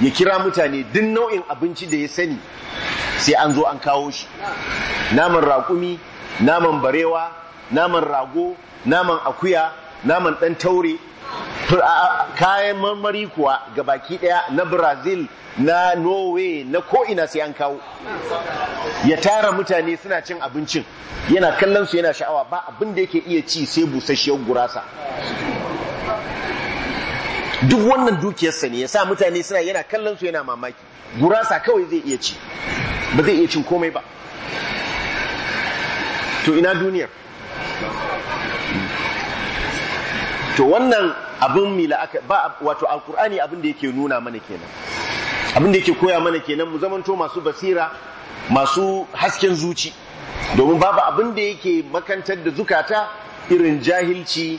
ya kira mutane duk nau'in abinci da ya sani sai an zo an kawo shi naman raƙumi naman barewa naman rago naman akuya naman ɗan taure kayan marmari kuwa ga baki ɗaya na brazil na norway na ko'ina sai an kawo ya tara mutane suna cin abincin yana kallon su yana sha'awa ba abin da yake iya ci sai busasshiyar gurasa duk wannan dukiyarsa ne ya sa mutane suna yana kallon su yana mamaki gurasa kawai zai iya ci ba zai iya cin komai ba to ina duniyar to wannan abin mila aka ba wato alkur'ani abin da yake nuna mana kenan abin da yake koya mana kenan mu zamanto masu basira masu hasken zuci domin babu abin da yake makantar da zukata irin jahilci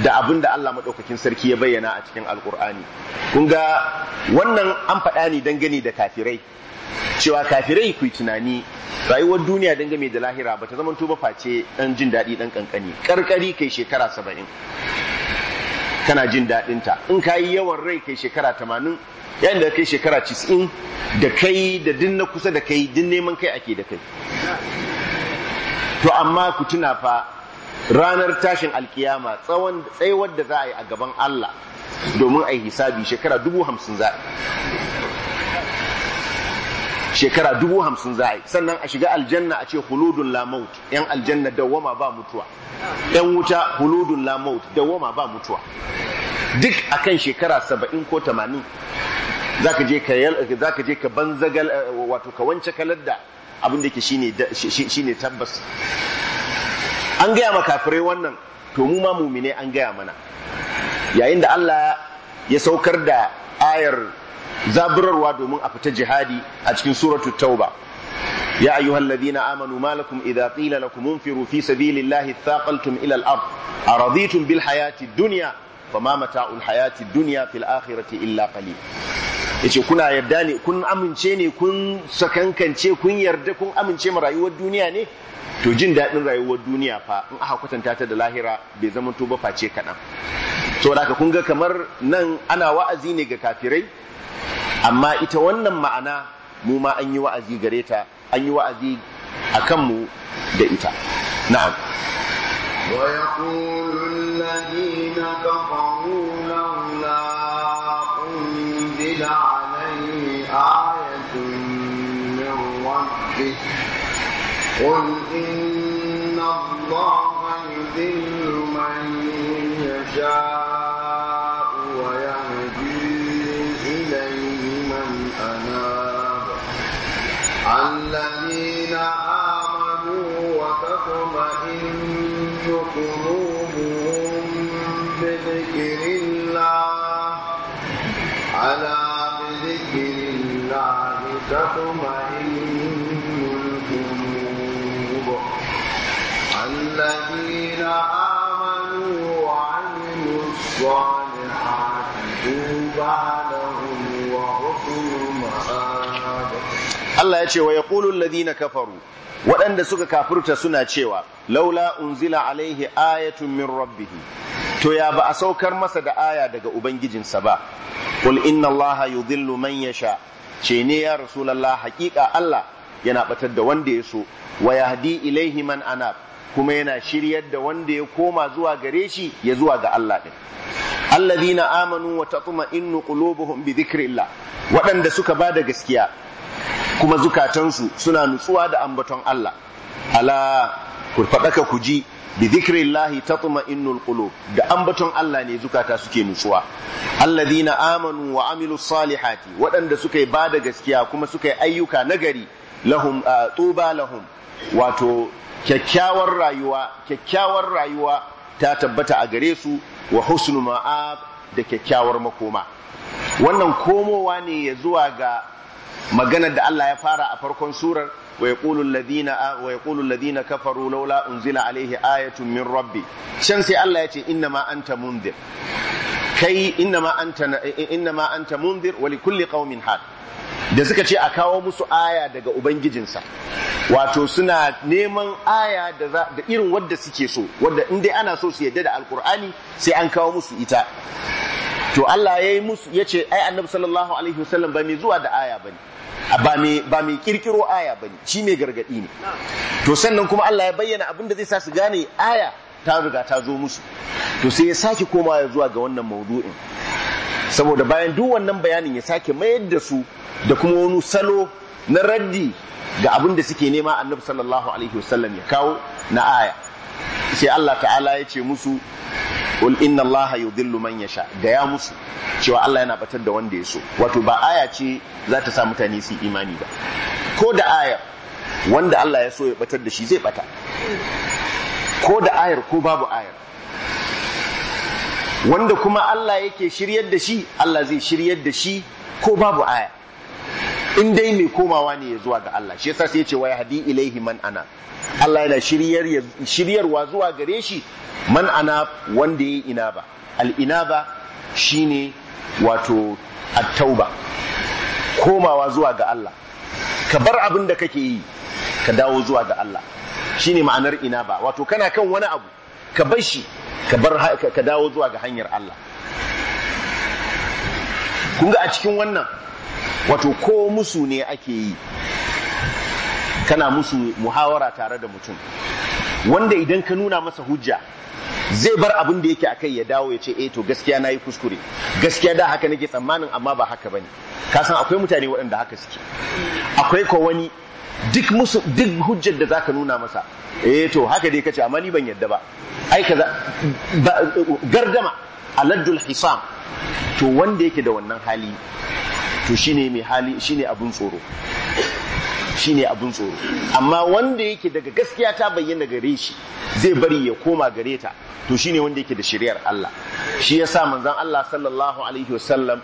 da abin da Allah maɗaukakin sarki ya bayyana a cikin alkur'ani kun ga wannan an faɗa ni dangane da kafirai cewa kafirai ku tunani rayuwar duniya dangane da lahira ba ta zama ba face ɗan jin daɗi ɗan ƙanƙani ƙarƙari kai shekara saba'in kana jin daɗin ta in ka yi yawan rai kai shekara tamanin yayin da kai shekara cisin da kai da din na kusa da kai din neman kai ake da kai to amma ku tuna fa ranar tashin alkiyama tsawon tsayawar da za a yi a gaban Allah domin a yi hisabi shekara dubu hamsin za shekara dubu hamsin za a yi sannan a shiga aljanna a ce huludun lamaut yan aljanna dawwama ba mutuwa yan wuta huludun lamaut dawwama ba mutuwa duk akan shekara saba'in ko tamanin zaka je ka zaka je ka banzagal eh, wato ka wance kalar da abin da yake shine shine tabbas an gaya ma kafirai wannan to mu ma mumine an gaya mana yayin da Allah ya saukar da ayar zaburarwa domin a fita jihadi a cikin suratu tauba ya أيها الذين آمنوا ما لكم إذا قيل لكم انفروا في سبيل الله اثاقلتم إلى الأرض أرضيتم بالحياة الدنيا فما متاع الحياة الدنيا في الآخرة إلا قليل yace kuna yarda ne kun amince ne kun sakankance kun yarda kun amince ma rayuwar duniya ne to jin daɗin rayuwar duniya fa in aka kwatanta ta da lahira bai zama to ba face kaɗan da ka kun ga kamar nan ana wa'azi ne ga kafirai amma ita wannan ma'ana mu ma an yi wa'azi gare ta an yi wa'azi a kanmu da ita na'am ويقول الذين كفروا لولا أنزل عليه آية من ربه قل إن الله يذل من يشاء Allah ya ce wa yaqulu alladhina kafaru waɗanda suka kafirta suna cewa laula unzila alaihi ayatun min rabbih to ya ba a saukar masa da aya daga ubangijinsa ba qul inna allaha yudhillu man yasha ce ne ya rasulullah haƙiƙa Allah yana batar da wanda ya so wa yahdi ilaihi man anab kuma yana shiryar da wanda ya koma zuwa gare shi ya zuwa ga Allah din alladhina amanu wa tatma'innu qulubuhum bi dhikrillah waɗanda suka ba da gaskiya kuma zukatansu suna nutsuwa da ambaton Allah ala ku faɗaka ku ji bi zikrillahi tatma'innul qulub da ambaton Allah ne zukata suke nutsuwa alladhina amanu wa amilus salihati waɗanda suka yi bada gaskiya kuma suka yi ayyuka nagari lahum tuba lahum wato kyakkyawar rayuwa kyakkyawar rayuwa ta tabbata a gare su wa husnul ma'ab da kyakkyawar makoma wannan komowa ne ya zuwa ga maganar da Allah ya fara a farkon surar wa yaqulu Ladina wa yaqulu kafaru laula unzila alaihi ayatun min rabbi shan sai Allah ya ce inna ma anta mundir kai inna ma anta inna mundir wa likulli qaumin had da suka ce a kawo musu aya daga ubangijinsa wato suna neman aya da irin wadda suke so wadda in dai ana so su yadda da alkur'ani sai an kawo musu ita to Allah ya yi musu ya ce ai annabi sallallahu alaihi wasallam ba mai zuwa da aya bane ba mai ba kirkiro aya bane shi mai gargadi ne to sannan kuma Allah ya bayyana abin da zai sa su gane aya ta riga ta zo musu to sai ya sake komawa zuwa ga wannan maudu'in saboda bayan duk wannan bayanin ya sake mayar da su da kuma wani salo na raddi ga abin da suke nema annabi sallallahu alaihi wasallam ya kawo na aya sai Allah ta'ala ya ce musu ul inna allaha yudhillu man yasha gaya musu cewa Allah yana batar da wanda ya so wato ba aya ce za ta sa mutane su imani ba ko da ayar wanda Allah ya so ya batar da shi zai bata ko da ayar ko babu ayar wanda kuma Allah yake shiryar da shi Allah zai shiryar da shi ko babu aya in dai mai komawa ne ya zuwa ga Allah shi yasa sai ya ce wa yahdi ilaihi man ana Allah yana shiryarwa zuwa gare shi man ana wanda ya inaba al'inaba shine wato attauba komawa zuwa ga Allah ka bar abin da kake yi ka dawo zuwa ga Allah shine ma'anar inaba wato kana kan wani abu ka bar shi ka ka dawo zuwa ga hanyar Allah kun ga a cikin wannan wato ko musu ne ake yi kana musu muhawara tare da mutum wanda idan ka nuna masa hujja zai bar abin da yake akai ya dawo ya ce eh to gaskiya nayi kuskure gaskiya da haka nake tsammanin amma ba haka bane ka san akwai mutane waɗanda haka suke akwai ko wani duk musu duk hujjar da zaka nuna masa eh to haka dai kace amma ni ban yadda ba ai kaza gardama aladul hisam to wanda yake da wannan hali to shine mai hali shine abun tsoro Shi ne abin tsoro amma wanda yake daga gaskiya ta bayyana gare shi zai bari ya koma gare ta to shi ne wanda yake da shari'ar Allah shi ya yasa manzon Allah sallallahu alaihi wasallam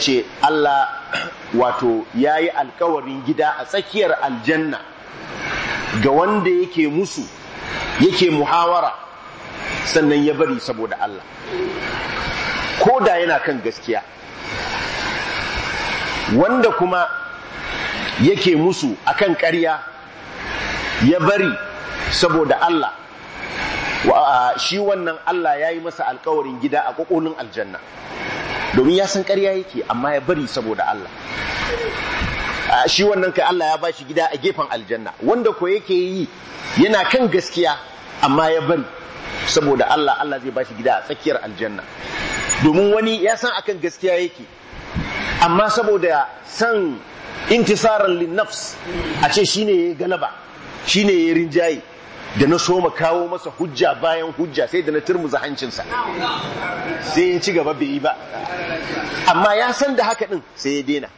ce, Allah wato ya yi alkawarin gida a tsakiyar aljanna ga wanda yake musu yake muhawara sannan ya bari saboda Allah ko da yana kan gaskiya wanda kuma yake musu akan ƙarya ya bari saboda Allah wa shi wannan Allah ya yi masa alkawarin gida a ƙoƙonin aljanna domin ya san ƙarya yake amma ya bari saboda Allah shi wannan kai Allah ya bashi gida a gefen aljanna wanda ko yake yi yana kan gaskiya amma ya bari saboda Allah Allah zai bashi gida a tsakiyar aljanna domin wani ya san akan gaskiya yake amma saboda san intisaran linnafs a ce shine yayi galaba shine ya yi rinjaye da na soma kawo masa hujja bayan hujja sai da na turmuza hancinsa sai ya ci gaba bai yi ba amma ya san da haka din sai ya daina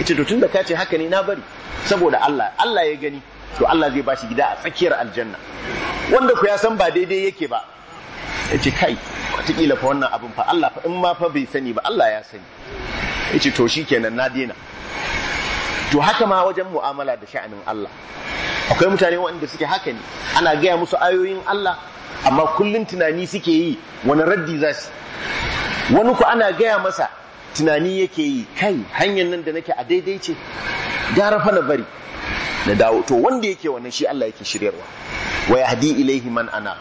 Ita to tunda ka ce haka ne na bari saboda Allah Allah ya gani to Allah zai ba shi gida a tsakiyar aljanna wanda ku ya san ba daidai yake ba ce kai watakila fa wannan abin fa Allah fa in ma fa bai sani ba Allah ya sani ce to shi kenan na daina to haka ma wajen mu'amala da sha'anin Allah akwai mutane waɗanda suke haka ne ana gaya musu ayoyin Allah amma kullum tunani suke yi wani raddi za su wani ku ana gaya masa tunani yake yi kai hanyar nan da nake a daidai ce gara fa na bari na dawo to wanda yake wannan shi Allah yake shiryarwa wa yahdi ilaihi man ana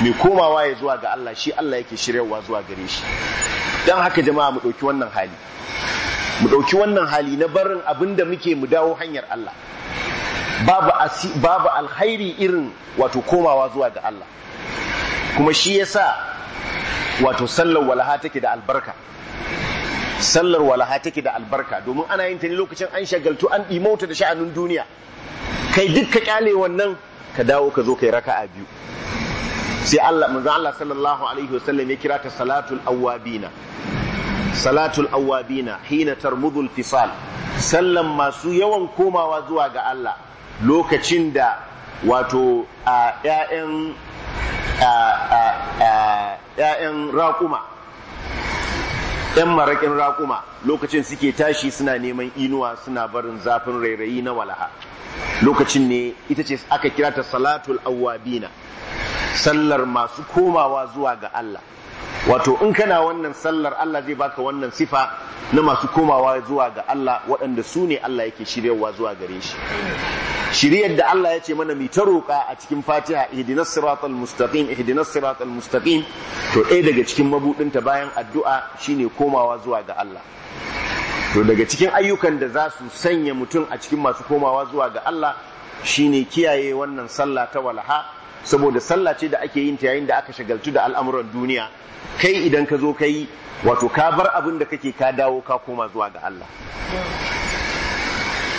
mai komawa ya zuwa ga Allah shi Allah yake shiryarwa zuwa gare shi don haka jama'a mu ɗauki wannan hali mu ɗauki wannan hali na barin abin da muke mu dawo hanyar Allah babu babu irin wato komawa zuwa ga Allah kuma shi yasa wato sallar walaha take da albarka sallar walaha take da albarka domin ana yin ta ne lokacin an shagaltu an ɗimauta da sha'anin duniya kai duk ka kyale wannan ka dawo ka zo kai raka'a biyu sai Allah manzo Allah sallallahu alaihi wasallam ya kira ta salatul awabina salatul awabina hina tarmudul fisal sallan masu yawan komawa zuwa ga Allah lokacin da wato a ƴaƴan ƴaƴan raƙuma ƴan maraƙin raƙuma lokacin suke tashi suna neman inuwa suna barin zafin rairayi na walaha lokacin ne ita ce aka kira ta salatul awabina sallar masu komawa zuwa ga Allah wato in kana wannan sallar Allah zai baka wannan sifa na masu komawa zuwa ga Allah waɗanda su ne Allah yake shiryarwa zuwa gare shi shiryar da Allah ya ce mana mai ta roƙa a cikin Fatiha ihdinas siratal mustaqim ihdinas siratal mustaqim to ɗaya daga cikin mabudinta bayan addu'a shine komawa zuwa ga Allah to daga cikin ayyukan da za su sanya mutum a cikin masu komawa zuwa ga Allah shine kiyaye wannan sallah ta walaha saboda sallah ce da ake yin ta yayin da aka shagaltu da al'amuran duniya kai idan ka zo kai wato ka bar abin da kake ka dawo ka koma zuwa ga Allah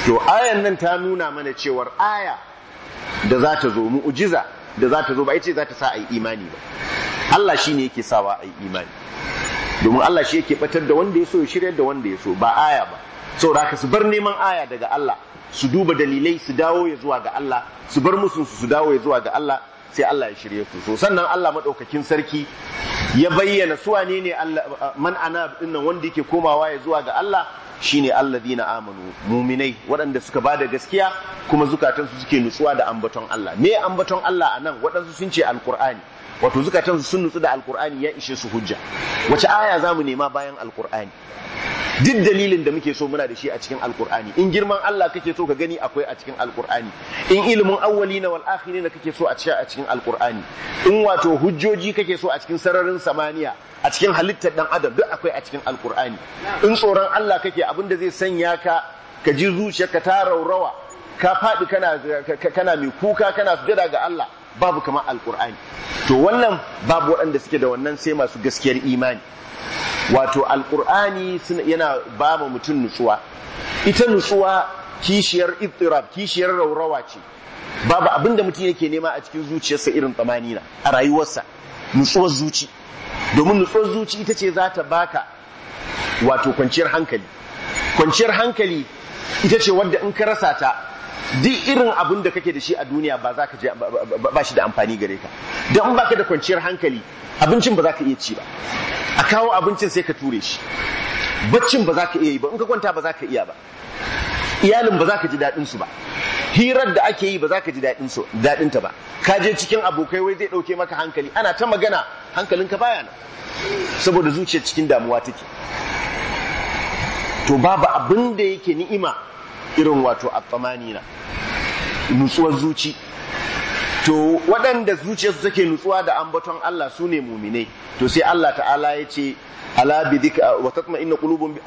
to ayan nan ta nuna mana cewar aya da za ta zo mu'jiza da za ta zo ba ita za ta sa a imani ba Allah shi ne yake sawa a imani domin Allah shi yake batar da wanda ya so ya shiryar da wanda ya so ba aya ba saboda ka su bar neman aya daga Allah su duba dalilai su dawo ya zuwa ga Allah su bar musu su dawo ya zuwa ga Allah sai Allah ya shirye ku so sannan Allah madaukakin sarki ya bayyana su wane ne man nan dinnan wanda yake komawa ya zuwa ga Allah shine alladhina amanu muminai waɗanda suka bada gaskiya kuma zukatansu suke nutsuwa da ambaton Allah me ambaton Allah anan waɗansu sun ce alqur'ani wato zukatansu sun nutsu da alkur'ani ya ishe su hujja wace aya za mu nema bayan alkur'ani duk dalilin da muke so muna da shi a cikin alkur'ani in girman Allah kake so ka gani akwai a cikin alkur'ani in ilimin na wal akhirina kake so a cikin a cikin alkur'ani in wato hujjoji kake so a cikin sararin samaniya a cikin halittar dan adam duk akwai a cikin alkur'ani in tsoron Allah kake abinda zai sanya ka ka ji zuciyarka ta raurawa ka faɗi kana kana mai kuka kana sujada ga Allah babu kamar alkur'ani to wannan babu waɗanda suke da wannan sai masu gaskiyar imani wato alkur'ani yana ba mu mutum nutsuwa ita nutsuwa kishiyar ittirab kishiyar raurawa ce babu abinda mutum yake nema a cikin zuciyarsa irin tsamanina a rayuwarsa nutsuwar zuci domin nutsuwar zuci ita ce za ta baka wato kwanciyar hankali kwanciyar hankali ita ce wadda in ka rasa ta duk irin abin da kake da shi a duniya ba za ka ba shi da amfani gare ka don in baka da kwanciyar hankali abincin ba za ka iya ci ba a kawo abincin sai ka ture shi baccin ba za ka iya yi ba in ka kwanta ba za ka iya ba iyalin ba za ka ji daɗin su ba hirar da ake yi ba za ka ji daɗin daɗin ta ba ka je cikin abokai wai zai ɗauke maka hankali ana ta magana hankalin ka baya nan saboda zuciyar cikin damuwa take to babu abin da yake ni'ima irin wato a na nutsuwar zuci to waɗanda zuciyarsu take nutsuwa da ambaton Allah su ne mumine, to sai Allah ta'ala ya ce ala bi kuma kulub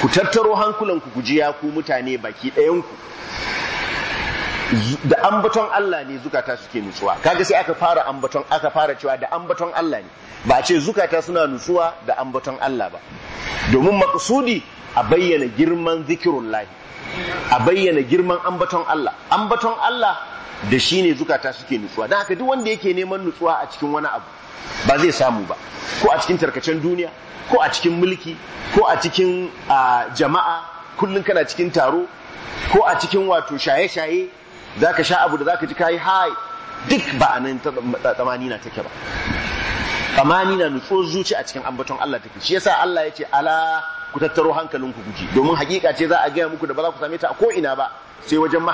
ku tattaro hankulanku ku jiya ku mutane baki ɗayanku da ambaton Allah ne zukata suke nutsuwa kaga sai aka fara ambaton aka fara cewa da ambaton Allah ne ba a ce zukata suna nutsuwa da ambaton Allah ba domin maksudi a bayyana girman zikirullahi a bayyana girman ambaton Allah ambaton Allah da shi ne zukata suke nutsuwa don haka duk wanda yake neman nutsuwa a cikin wani abu ba zai samu ba ko a cikin tarkacen duniya ko a cikin mulki ko a cikin jama'a kullum kana cikin taro ko a cikin wato shaye-shaye za ka sha abu da za ka ji kayi hai duk ba a nan tsamani na take ba tsamani na nutsuwar zuci a cikin ambaton Allah take shi yasa Allah ya ce ala ku tattaro hankalin ku guji domin hakika ce za a gaya muku da ba za ku same ta a ko ina ba sai wajen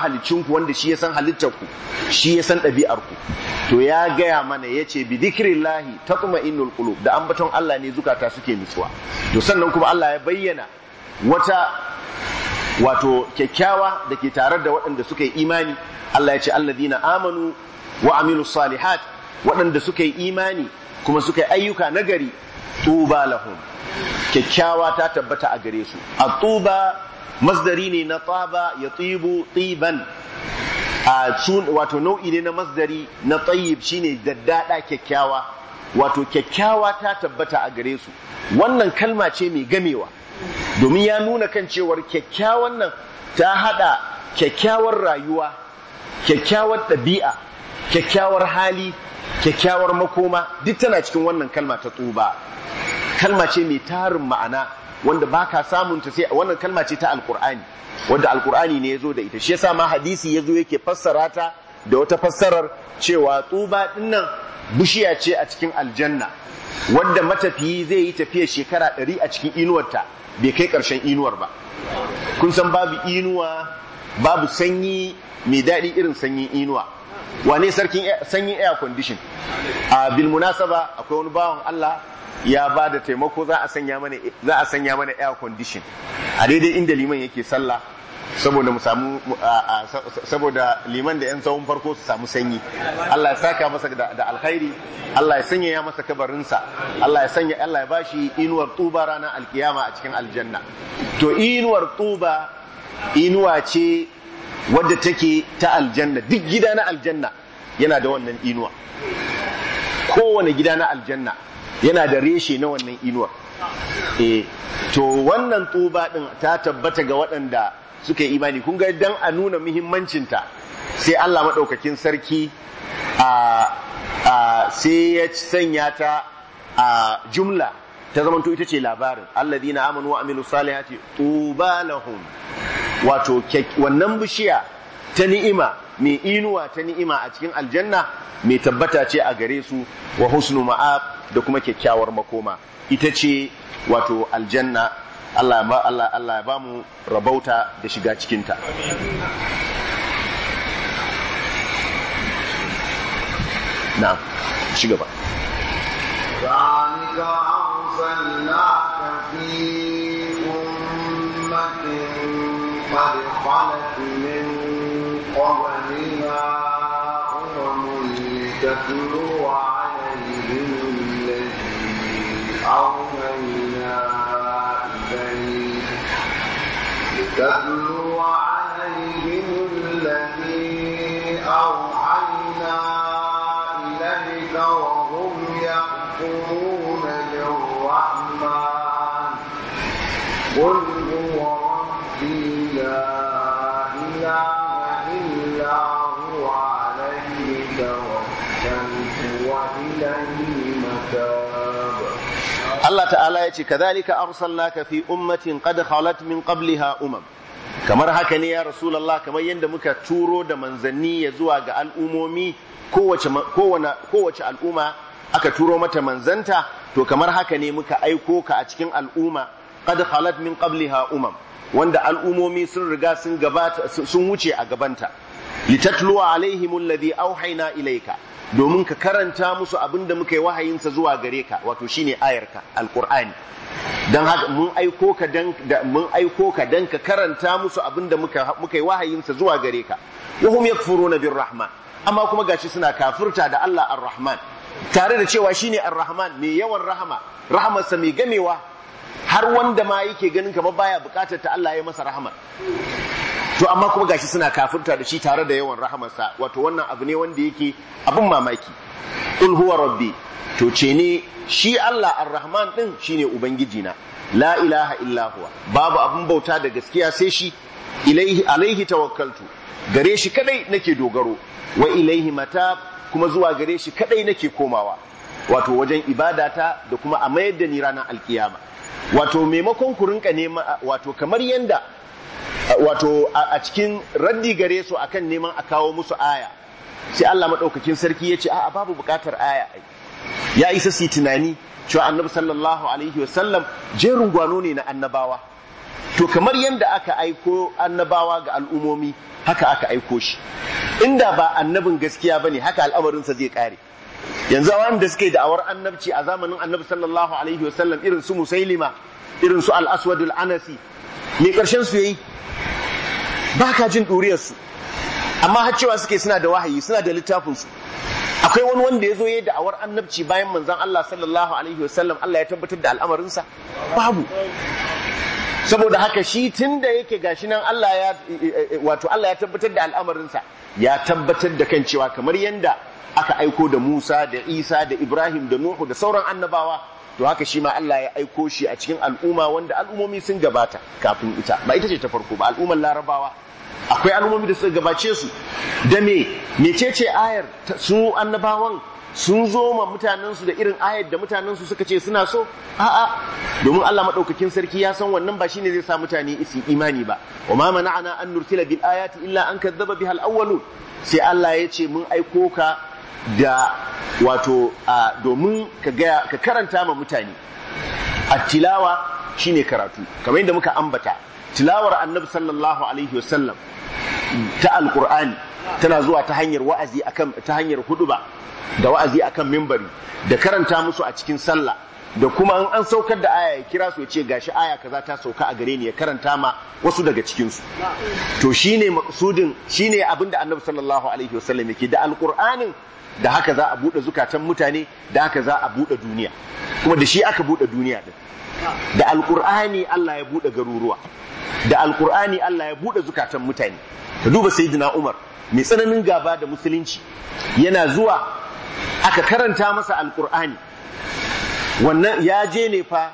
ku wanda shi ya san halittar ku shi ya san ku to ya gaya mana ya ce bi dhikrillahi tatma'innul qulub da ambaton Allah ne zukata suke nutsuwa to sannan kuma Allah ya bayyana wata wato kyakkyawa da ke tare da waɗanda suka yi imani Allah ya ce alladina amanu wa amilus salihat waɗanda suka yi imani kuma suka yi ayyuka nagari tuba lahum kyakkyawa ta tabbata a gare su a tuba masdari ne na taba ya tsibu tsiban a wato nau'i ne na masdari na tsayib shine daddada kyakkyawa wato kyakkyawa ta tabbata a gare su wannan kalma ce mai gamewa domin ya nuna kan cewar kyakkyawan nan ta hada kyakkyawar rayuwa kyakkyawar ɗabi'a kyakkyawar hali kyakkyawar makoma duk tana cikin wannan kalma ta tsuba kalma ce mai tarin ma'ana wanda baka samun ta sai wannan kalma ce ta alkur'ani wanda alkur'ani ne ya zo da ita shi yasa ma hadisi ya zo yake fassara ta da wata fassarar cewa tsuba dinnan bishiya ce a cikin aljanna wanda matafiyi zai yi tafiya shekara ɗari a cikin inuwarta bai kai ƙarshen inuwar ba kun san babu inuwa babu sanyi mai daɗi irin sanyin inuwa wane sarkin sanyin air condition a bil munasaba akwai wani bawan Allah ya ba da taimako za a sanya mana air condition a daidai inda liman yake sallah saboda liman da yan tsawon farko su samu sanyi Allah ya saka masa da alkhairi Allah ya sanya ya masa kabarinsa Allah ya sanya Allah ya bashi inuwar tuba ranar alkiyama a cikin aljanna to inuwar tuba inuwa ce wadda take ta aljanna duk gida na aljanna yana da wannan inuwa kowane gida na aljanna yana da reshe na wannan inuwa. e to wannan tuba din ta tabbata ga waɗanda suka yi imani kun ga dan a nuna muhimmancinta sai Allah maɗaukakin sarki a sai ya sanya ta a jumla ta zamanto ita ce labarin alladina amanu wa amilu salihati tuba lahum wato wannan bishiya ta ni'ima mai inuwa ta ni'ima a cikin aljanna mai tabbata ce a gare su wa husnu ma'ab da kuma kyakkyawar makoma ita ce wato aljanna Allah ba Allah Allah ba mu rabauta da shiga cikin ta na'am shi gaba ذلك أرسلناك في أمة قد خلت من أمم لتتلو عليهم أوحينا إليك Allah ta'ala ya ce kadhalika arsalnaka fi ummatin qad khalat min qabliha umam kamar haka ne ya rasulallah kamar yadda muka turo da manzanni ya zuwa ga al'umomi kowace al'umma aka turo mata manzanta to kamar haka ne muka aiko ka a cikin al'umma qad khalat min qabliha umam wanda al'umomi sun riga sun wuce a gabanta litatluwa alaihimul ladhi auhaina ilaika domin ka karanta musu abin da muka yi wahayinsa zuwa gare ka wato shine ayarka alkur'ani don haka mun aiko ka dan mun aiko ka dan ka karanta musu abin da muka muka yi wahayinsa zuwa gare ka wa na bin birrahman amma kuma gashi suna kafurta da Allah arrahman tare da cewa shine arrahman mai yawan rahama rahamarsa mai gamewa har wanda ma yake ganin kamar baya bukatar ta Allah ya masa rahama to amma kuma gashi suna kafirta da shi tare da yawan rahamarsa wato wannan abu ne wanda yake abin mamaki in huwa rabbi to ce ne shi Allah ar-rahman din shine ubangiji na la ilaha illa huwa babu abin bauta da gaskiya sai shi ilaihi alaihi tawakkaltu gare shi kadai nake dogaro wa ilaihi mata kuma zuwa gare shi kadai nake komawa wato wajen ibadata da kuma a mayar da ni ranar alkiyama wato maimakon ku rinka nema wato kamar yanda wato a cikin raddi gare su akan neman a kawo musu aya sai Allah madaukakin sarki ya ce a babu bukatar aya ya isa su tunani cewa annabi sallallahu alaihi wasallam jerin gwano ne na annabawa to kamar yadda aka aiko annabawa ga al'umomi haka aka aiko shi inda ba annabin gaskiya bane haka al'amarin sa zai kare yanzu a da suke da'awar annabci a zamanin annabi sallallahu alaihi wasallam irin su musailima irin su al anasi me karshen su yayi ba ka jin ɗuriyar su amma har cewa suke suna da wahayi suna da littafin su akwai wani wanda ya zo ya da'awar annabci bayan manzon Allah sallallahu alaihi wasallam Allah ya tabbatar da sa babu saboda haka shi tunda yake gashi nan Allah ya eh, eh, eh, wato Allah ya tabbatar da al'amarinsa ya tabbatar da kan cewa kamar yanda aka aiko da Musa da Isa da Ibrahim da Nuhu da sauran annabawa to haka shi ma Allah ya aiko shi a cikin al'umma wanda al'ummomi sun gabata kafin ita ba ita ce ta farko ba al'ummar larabawa akwai al'ummomi da suka gabace su da me mecece ayar su annabawan sun zo ma mutanensu da irin ayar da mutanensu suka ce suna so a'a domin Allah madaukakin sarki ya san wannan ba shine zai sa mutane isi imani ba wa ma mana'ana an nursila bil ayati illa an kadzdzaba biha al-awwalun sai Allah ya ce mun aiko ka da wato a domin ka karanta ma mutane a tilawa shine karatu kamar yadda muka ambata tilawar annabi sallallahu alaihi wasallam ta alkur'ani tana zuwa ta hanyar wa'azi akan ta hanyar huduba da wa'azi akan mimbari da karanta musu a cikin sallah da kuma in an saukar da aya ya kira su ya ce gashi aya kaza ta sauka a gare ni ya karanta ma wasu daga cikin su to shine maksudin shine abin da Annabi sallallahu alaihi wasallam yake da alqur'anin da haka za a bude zukatan mutane da haka za a bude duniya kuma da shi aka bude duniya din da alqur'ani Allah ya bude garuruwa da alqur'ani Allah ya bude zukatan mutane ka duba sayyidina Umar mai tsananin gaba da musulunci yana zuwa aka karanta masa alqur'ani wannan ya je ne fa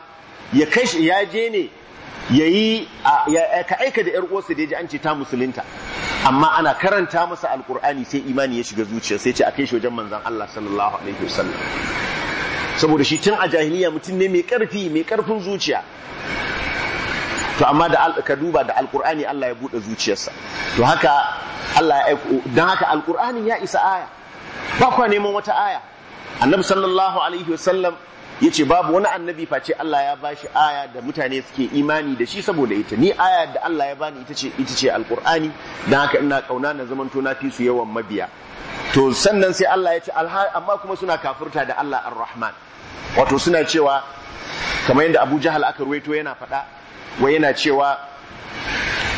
ya shi ya je ne ya yi ka aika da 'yar uwarsa da ya ji an ce ta musulunta amma ana karanta masa alkur'ani sai imani ya shiga zuciya sai ce a kai shi wajen manzan Allah sallallahu alaihi wasallam saboda shi tun a jahiliya mutum ne mai karfi mai karfin zuciya to amma da ka duba da alkur'ani Allah ya bude zuciyarsa to haka Allah ya dan haka alkur'ani ya isa aya ba kwa neman wata aya annabi sallallahu alaihi wasallam Ya ce babu wani annabi face Allah ya bashi aya da mutane suke imani da shi saboda ita ni aya da Allah ya bani ita ce ita ce alqur'ani dan haka ina kauna na zamanto na fi su yawan mabiya to sannan sai Allah ya ce amma kuma suna kafurta da Allah ar-rahman wato suna cewa kamar yadda Abu Jahal aka ruwaito yana faɗa wai yana cewa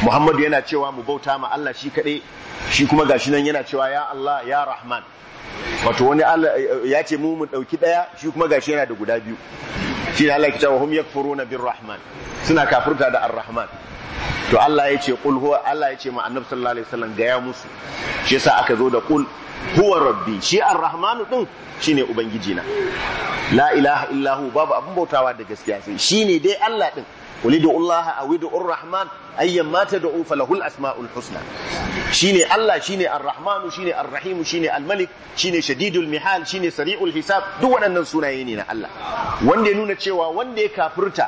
Muhammadu yana cewa mu bauta ma Allah shi kaɗai shi kuma gashi nan yana cewa ya Allah ya Rahman wato wani Allah ya ce mu mu dauki daya shi kuma gashi yana da guda biyu shi Allah ya ce wa hum yakfuruna birrahman suna kafirta da arrahman to Allah ya ce qul huwa Allah ya ce ma annabi sallallahu alaihi wasallam ga musu shi yasa aka zo da qul huwa rabbi shi arrahman din shine ubangiji na la ilaha illahu babu abun bautawa da gaskiya sai shine dai Allah din ulidu Allah a widu Rahman ayyan mata da ufa asma'ul husna shine Allah shine ar-Rahmanu shine ar-Rahim shine al-Malik shine shadidul mihal shine sari'ul hisab duk waɗannan sunaye ne na Allah wanda ya nuna cewa wanda ya kafirta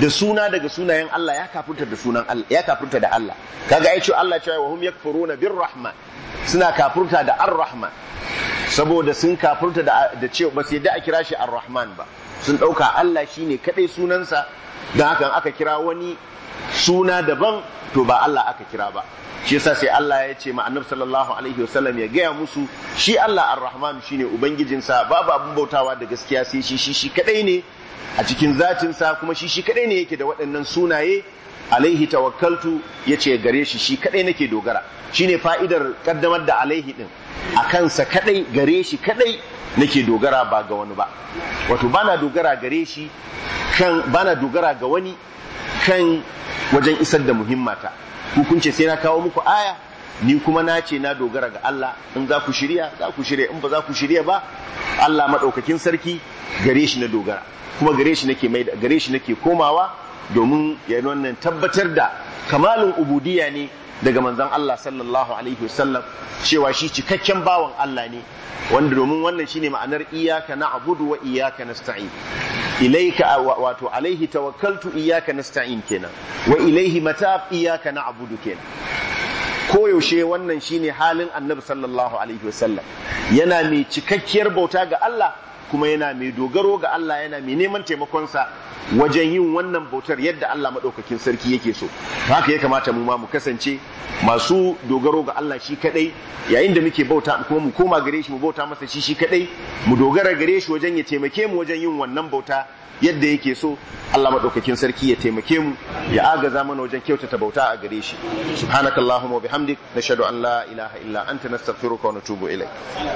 da suna daga sunayen Allah ya kafirta da sunan Allah ya kafirta da Allah kaga ai cewa Allah cewa hum yakfuruna bir-Rahman suna kafirta da ar-Rahman saboda sun kafirta da cewa ba sai yadda a kira shi ar-Rahman ba sun ɗauka Allah shine kadai sunansa don haka aka kira wani suna daban to ba Allah aka kira ba shi yasa sai Allah ya ce ma annabi sallallahu alaihi wasallam ya gaya musu shi Allah ar-Rahman shine ubangijin ubangijinsa babu abun bautawa da gaskiya sai shi shi shi kadai ne a cikin zatin sa kuma shi shi kadai ne yake da waɗannan sunaye alaihi tawakkaltu yace gare shi shi kadai nake dogara shine fa'idar kaddamar da alaihi din a kansa kadai gare shi kadai nake dogara ba ga wani ba wato bana dogara gare shi kan bana dogara ga wani kan wajen isar da muhimmata ku sai na kawo muku aya ni kuma na ce na dogara ga Allah in za ku shirya za ku shirya in ba za ku shirya ba Allah madaukakin sarki gare shi na dogara kuma gare shi nake mai gare shi nake komawa domin ya wannan tabbatar da kamalin ubudiyya ne daga manzon Allah sallallahu alaihi wasallam cewa shi cikakken bawan Allah ne wanda domin wannan shine ma'anar iyyaka na'budu wa iyyaka nasta'in ilaika wato alaihi tawakkaltu iyyaka nasta'in kenan wa ilaihi Iyaka iyyaka na'budu kenan koyaushe wannan shine halin annabi sallallahu alaihi wasallam yana mai cikakkiyar bauta ga Allah kuma yana mai dogaro ga Allah yana mai neman taimakonsa wajen yin wannan bautar yadda Allah maɗaukakin sarki yake so haka ya kamata mu ma mu kasance masu dogaro ga Allah shi kaɗai yayin da muke bauta kuma mu koma gare shi mu bauta masa shi shi kaɗai mu dogara gare shi wajen ya taimake mu wajen yin wannan bauta yadda yake so Allah maɗaukakin sarki ya taimake mu ya agaza mana wajen kyautata bauta a gare shi subhanakallahumma wa bihamdik nashhadu an la ilaha illa anta nastaghfiruka wa natubu ilaik